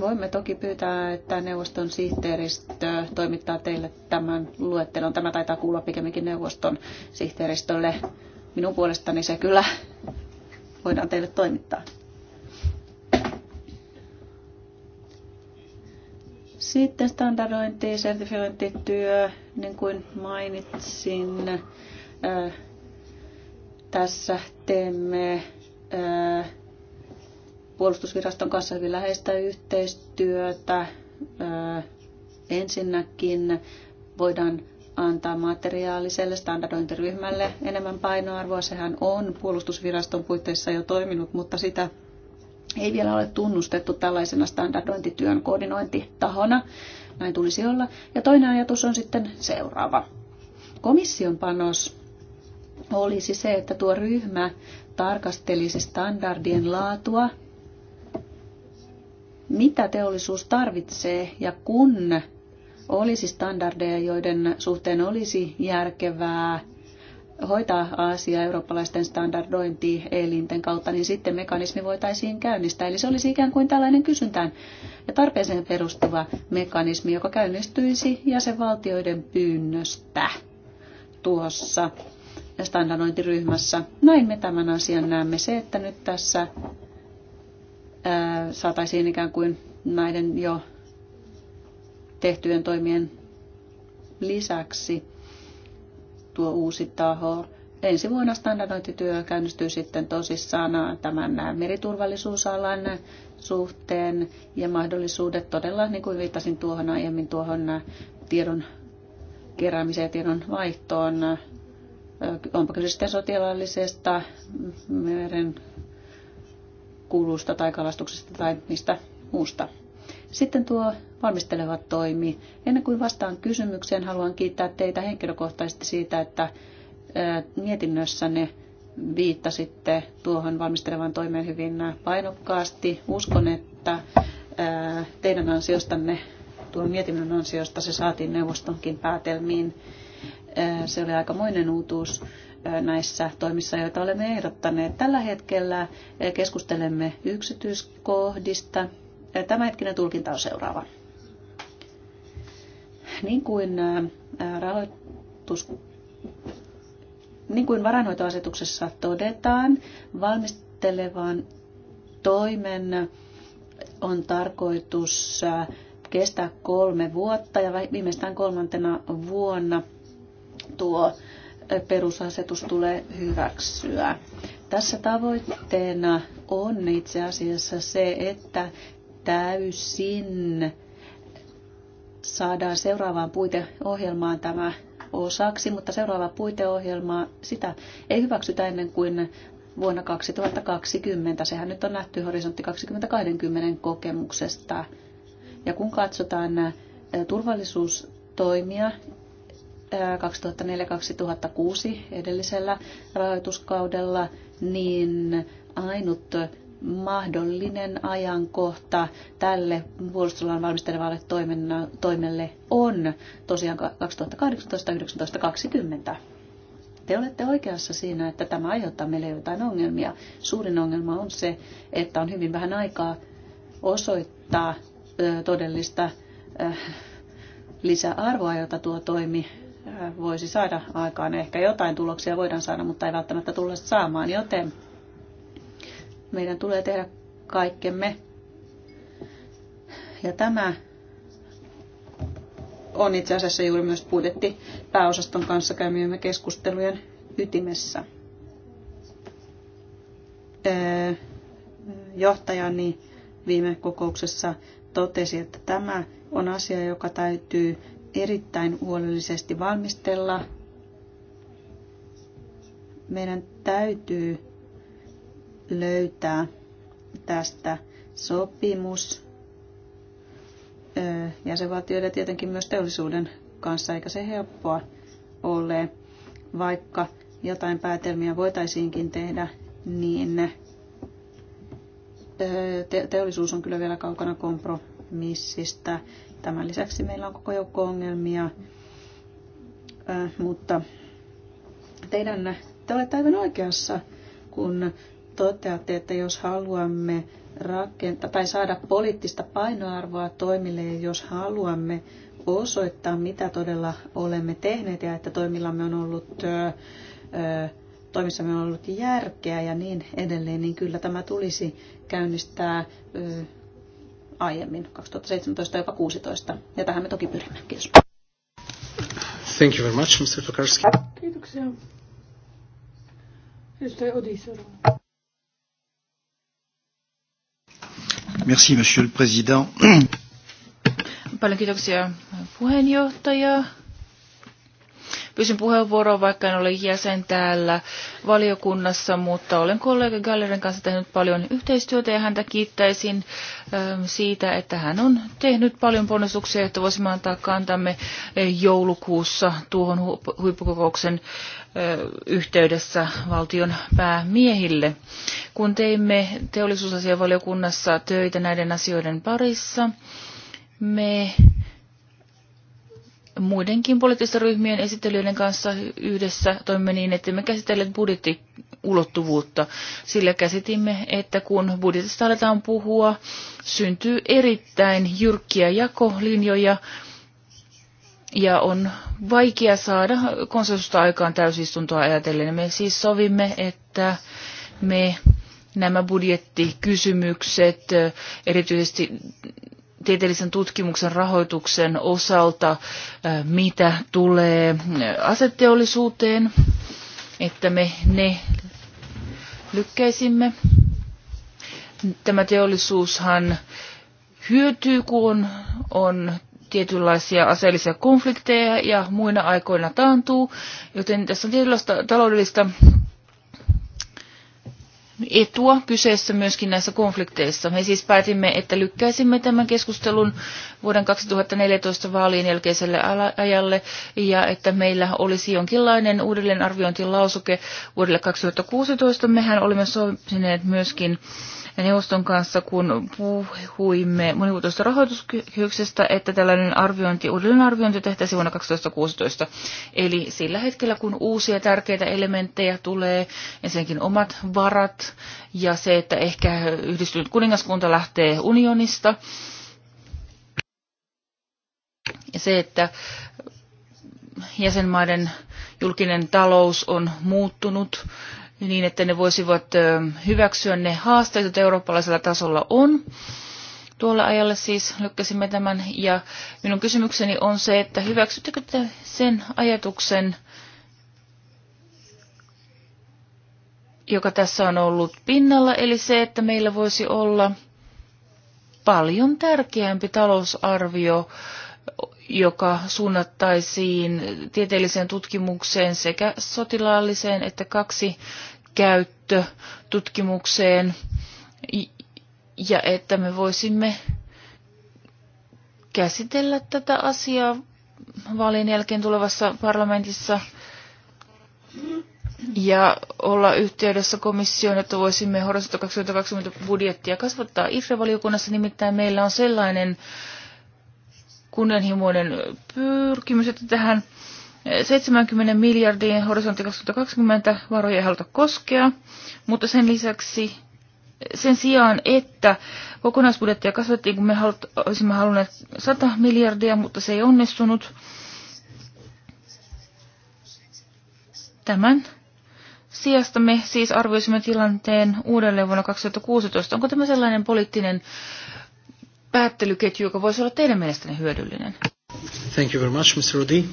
voimme toki pyytää, että neuvoston sihteeristö toimittaa teille tämän luettelon. Tämä taitaa kuulla pikemminkin neuvoston sihteeristölle. Minun puolestani se kyllä voidaan teille toimittaa. Sitten standardointi, sertifiointityö, niin kuin mainitsin, äh, tässä teemme äh, puolustusviraston kanssa hyvin läheistä yhteistyötä. Äh, ensinnäkin voidaan antaa materiaaliselle standardointiryhmälle enemmän painoarvoa. Sehän on puolustusviraston puitteissa jo toiminut, mutta sitä ei vielä ole tunnustettu tällaisena standardointityön koordinointitahona. Näin tulisi olla. Ja toinen ajatus on sitten seuraava. Komission panos olisi se, että tuo ryhmä tarkastelisi standardien laatua, mitä teollisuus tarvitsee ja kun olisi standardeja, joiden suhteen olisi järkevää hoitaa asiaa eurooppalaisten elinten kautta, niin sitten mekanismi voitaisiin käynnistää. Eli se olisi ikään kuin tällainen kysyntään ja tarpeeseen perustuva mekanismi, joka käynnistyisi jäsenvaltioiden pyynnöstä tuossa standardointiryhmässä. Näin me tämän asian näemme. Se, että nyt tässä ää, saataisiin ikään kuin näiden jo tehtyjen toimien lisäksi tuo uusi taho. Ensi vuonna standardointityö käynnistyy sitten tosissaan tämän meriturvallisuusalan suhteen ja mahdollisuudet todella, niin kuin viittasin tuohon aiemmin, tuohon tiedon keräämiseen ja tiedon vaihtoon. Onpa kyse sitten sotilaallisesta meren kulusta tai kalastuksesta tai mistä muusta sitten tuo valmisteleva toimi. Ennen kuin vastaan kysymykseen, haluan kiittää teitä henkilökohtaisesti siitä, että mietinnössänne viittasitte tuohon valmistelevan toimeen hyvin painokkaasti. Uskon, että teidän ansiostanne, tuon mietinnön ansiosta se saatiin neuvostonkin päätelmiin. Se oli aikamoinen uutuus näissä toimissa, joita olemme ehdottaneet. Tällä hetkellä keskustelemme yksityiskohdista, Tämänhetkinen tulkinta on seuraava. Niin kuin äh, rahoitus niin kuin varainhoitoasetuksessa todetaan, valmistelevan toimen on tarkoitus äh, kestää kolme vuotta ja viimeistään kolmantena vuonna tuo äh, perusasetus tulee hyväksyä. Tässä tavoitteena on itse asiassa se, että täysin saadaan seuraavaan puiteohjelmaan tämä osaksi, mutta seuraava puiteohjelma, sitä ei hyväksytä ennen kuin vuonna 2020. Sehän nyt on nähty horisontti 2020 kokemuksesta. Ja kun katsotaan turvallisuustoimia 2004-2006 edellisellä rahoituskaudella, niin ainut mahdollinen ajankohta tälle puolustusalan valmistelevalle toimelle on tosiaan 2018, 19, 20. Te olette oikeassa siinä, että tämä aiheuttaa meille jotain ongelmia. Suurin ongelma on se, että on hyvin vähän aikaa osoittaa todellista lisäarvoa, jota tuo toimi voisi saada aikaan. Ehkä jotain tuloksia voidaan saada, mutta ei välttämättä tulla saamaan, joten meidän tulee tehdä kaikkemme. Ja tämä on itse asiassa juuri myös budjetti pääosaston kanssa käymiemme keskustelujen ytimessä. Öö, johtajani viime kokouksessa totesi, että tämä on asia, joka täytyy erittäin huolellisesti valmistella. Meidän täytyy löytää tästä sopimus jäsenvaltioiden ja tietenkin myös teollisuuden kanssa, eikä se helppoa ole, vaikka jotain päätelmiä voitaisiinkin tehdä, niin teollisuus on kyllä vielä kaukana kompromissista. Tämän lisäksi meillä on koko joukko ongelmia, mutta teidän, te olette aivan oikeassa, kun toteatte, että jos haluamme rakentaa tai saada poliittista painoarvoa toimille ja jos haluamme osoittaa, mitä todella olemme tehneet ja että toimillamme on ollut, toimissamme on ollut järkeä ja niin edelleen, niin kyllä tämä tulisi käynnistää aiemmin, 2017 jopa 16. Ja tähän me toki pyrimme. Kiitos. Thank you very much, Mr. Tokarski. Kiitoksia. Edustaja Odisero. Merci, monsieur le président. Paljon kiitoksia puheenjohtaja. Pysyn puheenvuoroon, vaikka en ole jäsen täällä valiokunnassa, mutta olen kollega Gallerin kanssa tehnyt paljon yhteistyötä ja häntä kiittäisin ähm, siitä, että hän on tehnyt paljon ponnistuksia, että voisimme antaa kantamme äh, joulukuussa tuohon huippukokouksen äh, yhteydessä valtion päämiehille. Kun teimme teollisuusasiavaliokunnassa töitä näiden asioiden parissa, me muidenkin poliittisten ryhmien esittelyiden kanssa yhdessä toimme niin, että me käsitelleet budjettiulottuvuutta. Sillä käsitimme, että kun budjetista aletaan puhua, syntyy erittäin jyrkkiä jakolinjoja ja on vaikea saada konsensusta aikaan täysistuntoa ajatellen. Me siis sovimme, että me nämä budjettikysymykset, erityisesti tieteellisen tutkimuksen rahoituksen osalta, äh, mitä tulee äh, aseteollisuuteen, että me ne lykkäisimme. Tämä teollisuushan hyötyy, kun on tietynlaisia aseellisia konflikteja ja muina aikoina taantuu, joten tässä on tietynlaista taloudellista etua kyseessä myöskin näissä konflikteissa. Me siis päätimme, että lykkäisimme tämän keskustelun vuoden 2014 vaalien jälkeiselle ajalle ja että meillä olisi jonkinlainen uudelleenarviointilausuke vuodelle 2016. Mehän olimme sopineet myöskin neuvoston kanssa, kun puhuimme monivuotoista rahoituskehyksestä, että tällainen arviointi, arviointi tehtäisiin vuonna 2016. Eli sillä hetkellä, kun uusia tärkeitä elementtejä tulee, ensinnäkin omat varat ja se, että ehkä yhdistynyt kuningaskunta lähtee unionista, ja se, että jäsenmaiden julkinen talous on muuttunut niin, että ne voisivat hyväksyä ne haasteet, joita eurooppalaisella tasolla on. Tuolla ajalla siis lykkäsimme tämän ja minun kysymykseni on se, että hyväksyttekö te sen ajatuksen, joka tässä on ollut pinnalla, eli se, että meillä voisi olla paljon tärkeämpi talousarvio joka suunnattaisiin tieteelliseen tutkimukseen sekä sotilaalliseen että kaksi käyttötutkimukseen ja että me voisimme käsitellä tätä asiaa vaalien jälkeen tulevassa parlamentissa ja olla yhteydessä komissioon, että voisimme Horisontti 2020 budjettia kasvattaa IFRE-valiokunnassa. Nimittäin meillä on sellainen äh, kunnianhimoinen pyrkimys, että tähän 70 miljardien horisontti 2020 varoja ei haluta koskea, mutta sen lisäksi sen sijaan, että kokonaisbudjettia kasvattiin, kun me halut, olisimme halunneet 100 miljardia, mutta se ei onnistunut. Tämän sijasta me siis arvioisimme tilanteen uudelleen vuonna 2016. Onko tämä sellainen poliittinen päättelyketju, joka voisi olla teidän mielestänne hyödyllinen? Thank you very much, Mr. Odi.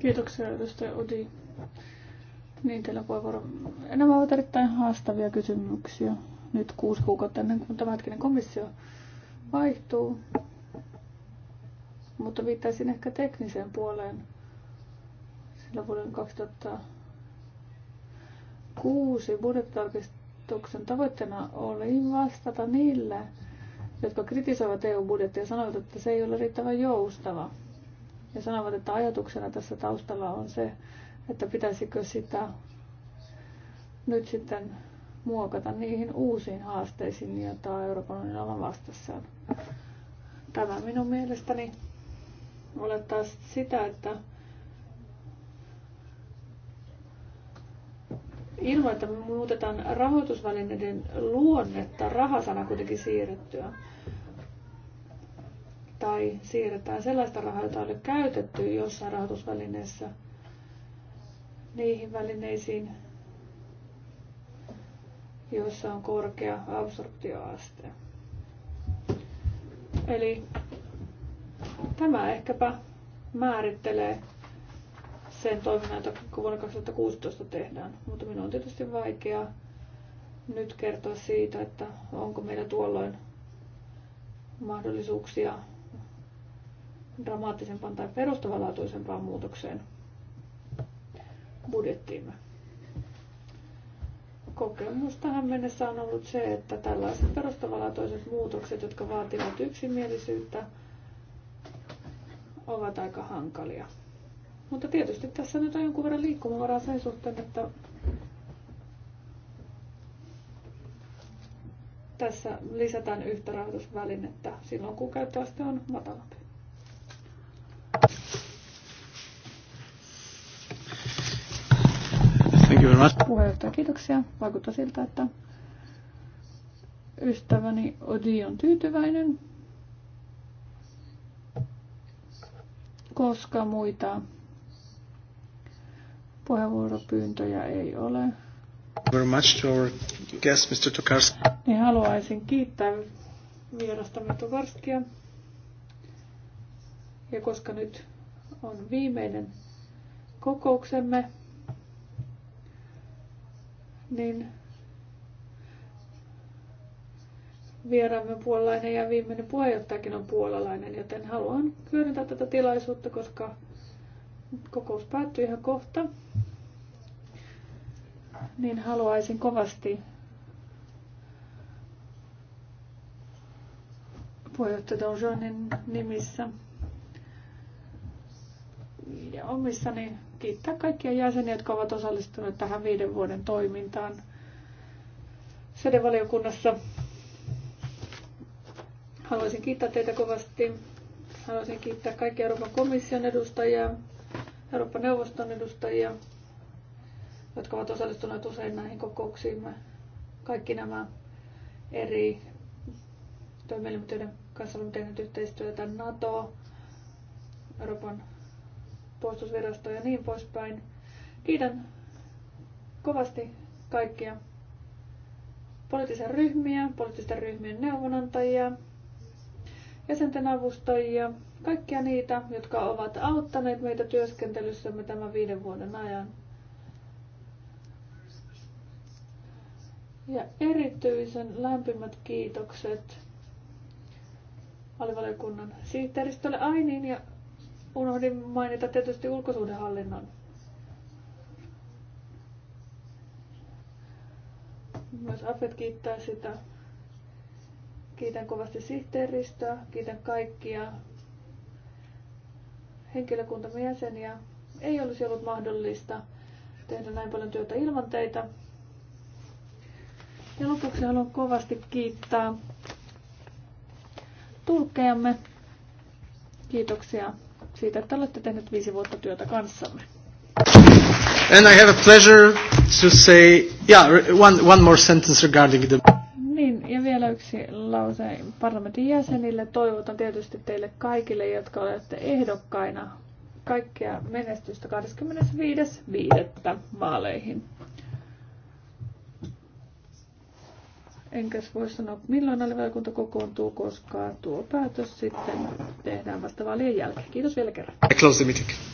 Kiitoksia, edustaja Odi. Niin, teillä on puheenvuoro. Nämä ovat erittäin haastavia kysymyksiä. Nyt kuusi kuukautta ennen kuin tämä hetkinen komissio vaihtuu. Mutta viittaisin ehkä tekniseen puoleen. Sillä vuoden 2006 budjettitarkistuksen tavoitteena oli vastata niille jotka kritisoivat EU-budjettia, sanoivat, että se ei ole riittävän joustava. Ja sanovat, että ajatuksena tässä taustalla on se, että pitäisikö sitä nyt sitten muokata niihin uusiin haasteisiin, joita Euroopan unionilla on vastassaan. Tämä minun mielestäni olettaa sitä, että ilman, että me muutetaan rahoitusvälineiden luonnetta, rahasana kuitenkin siirrettyä tai siirretään sellaista rahaa, jota on käytetty jossain rahoitusvälineessä niihin välineisiin, joissa on korkea absorptioaste. Eli tämä ehkäpä määrittelee sen toiminnan, jota vuonna 2016 tehdään. Mutta minun on tietysti vaikea nyt kertoa siitä, että onko meillä tuolloin mahdollisuuksia dramaattisempaan tai perustavanlaatuisempaan muutokseen budjettiimme. Kokemus tähän mennessä on ollut se, että tällaiset perustavanlaatuiset muutokset, jotka vaativat yksimielisyyttä, ovat aika hankalia. Mutta tietysti tässä nyt on jonkun verran liikkumavaraa sen suhteen, että tässä lisätään yhtä rahoitusvälinettä silloin, kun käyttöaste on matalampi. Kyllä. Puheenjohtaja, kiitoksia. Vaikuttaa siltä, että ystäväni Odi on tyytyväinen, koska muita puheenvuoropyyntöjä ei ole. Very much to our guest, Mr. Tokarski. Niin haluaisin kiittää vierastamme Tokarskia. Ja koska nyt on viimeinen kokouksemme, niin vieraamme puolalainen ja viimeinen puheenjohtajakin on puolalainen, joten haluan hyödyntää tätä tilaisuutta, koska kokous päättyy ihan kohta. Niin haluaisin kovasti puheenjohtaja Donjonin nimissä ja omissani kiittää kaikkia jäseniä, jotka ovat osallistuneet tähän viiden vuoden toimintaan sedevaliokunnassa. Haluaisin kiittää teitä kovasti. Haluaisin kiittää kaikkia Euroopan komission edustajia, Euroopan neuvoston edustajia, jotka ovat osallistuneet usein näihin kokouksiin. Kaikki nämä eri toimielimien kanssa olemme tehneet yhteistyötä NATO, Euroopan puolustusvirasto ja niin poispäin. Kiitän kovasti kaikkia poliittisia ryhmiä, poliittisten ryhmien neuvonantajia, jäsenten avustajia, kaikkia niitä, jotka ovat auttaneet meitä työskentelyssämme tämän viiden vuoden ajan. Ja erityisen lämpimät kiitokset alivaliokunnan sihteeristölle Ainiin ja Unohdin mainita tietysti ulkosuhdehallinnon. Myös Afet kiittää sitä. Kiitän kovasti sihteeristöä, kiitän kaikkia henkilökuntamme jäseniä. Ei olisi ollut mahdollista tehdä näin paljon työtä ilman teitä. Ja lopuksi haluan kovasti kiittää tulkkejamme. Kiitoksia siitä, että olette tehneet viisi vuotta työtä kanssamme. And I have a pleasure to say, yeah, one, one more sentence regarding the... Niin, ja vielä yksi lause parlamentin jäsenille. Toivotan tietysti teille kaikille, jotka olette ehdokkaina, kaikkea menestystä 25.5. vaaleihin. Enkä voi sanoa, milloin alivaliokunta kokoontuu, koska tuo päätös sitten tehdään vasta vaalien jälkeen. Kiitos vielä kerran.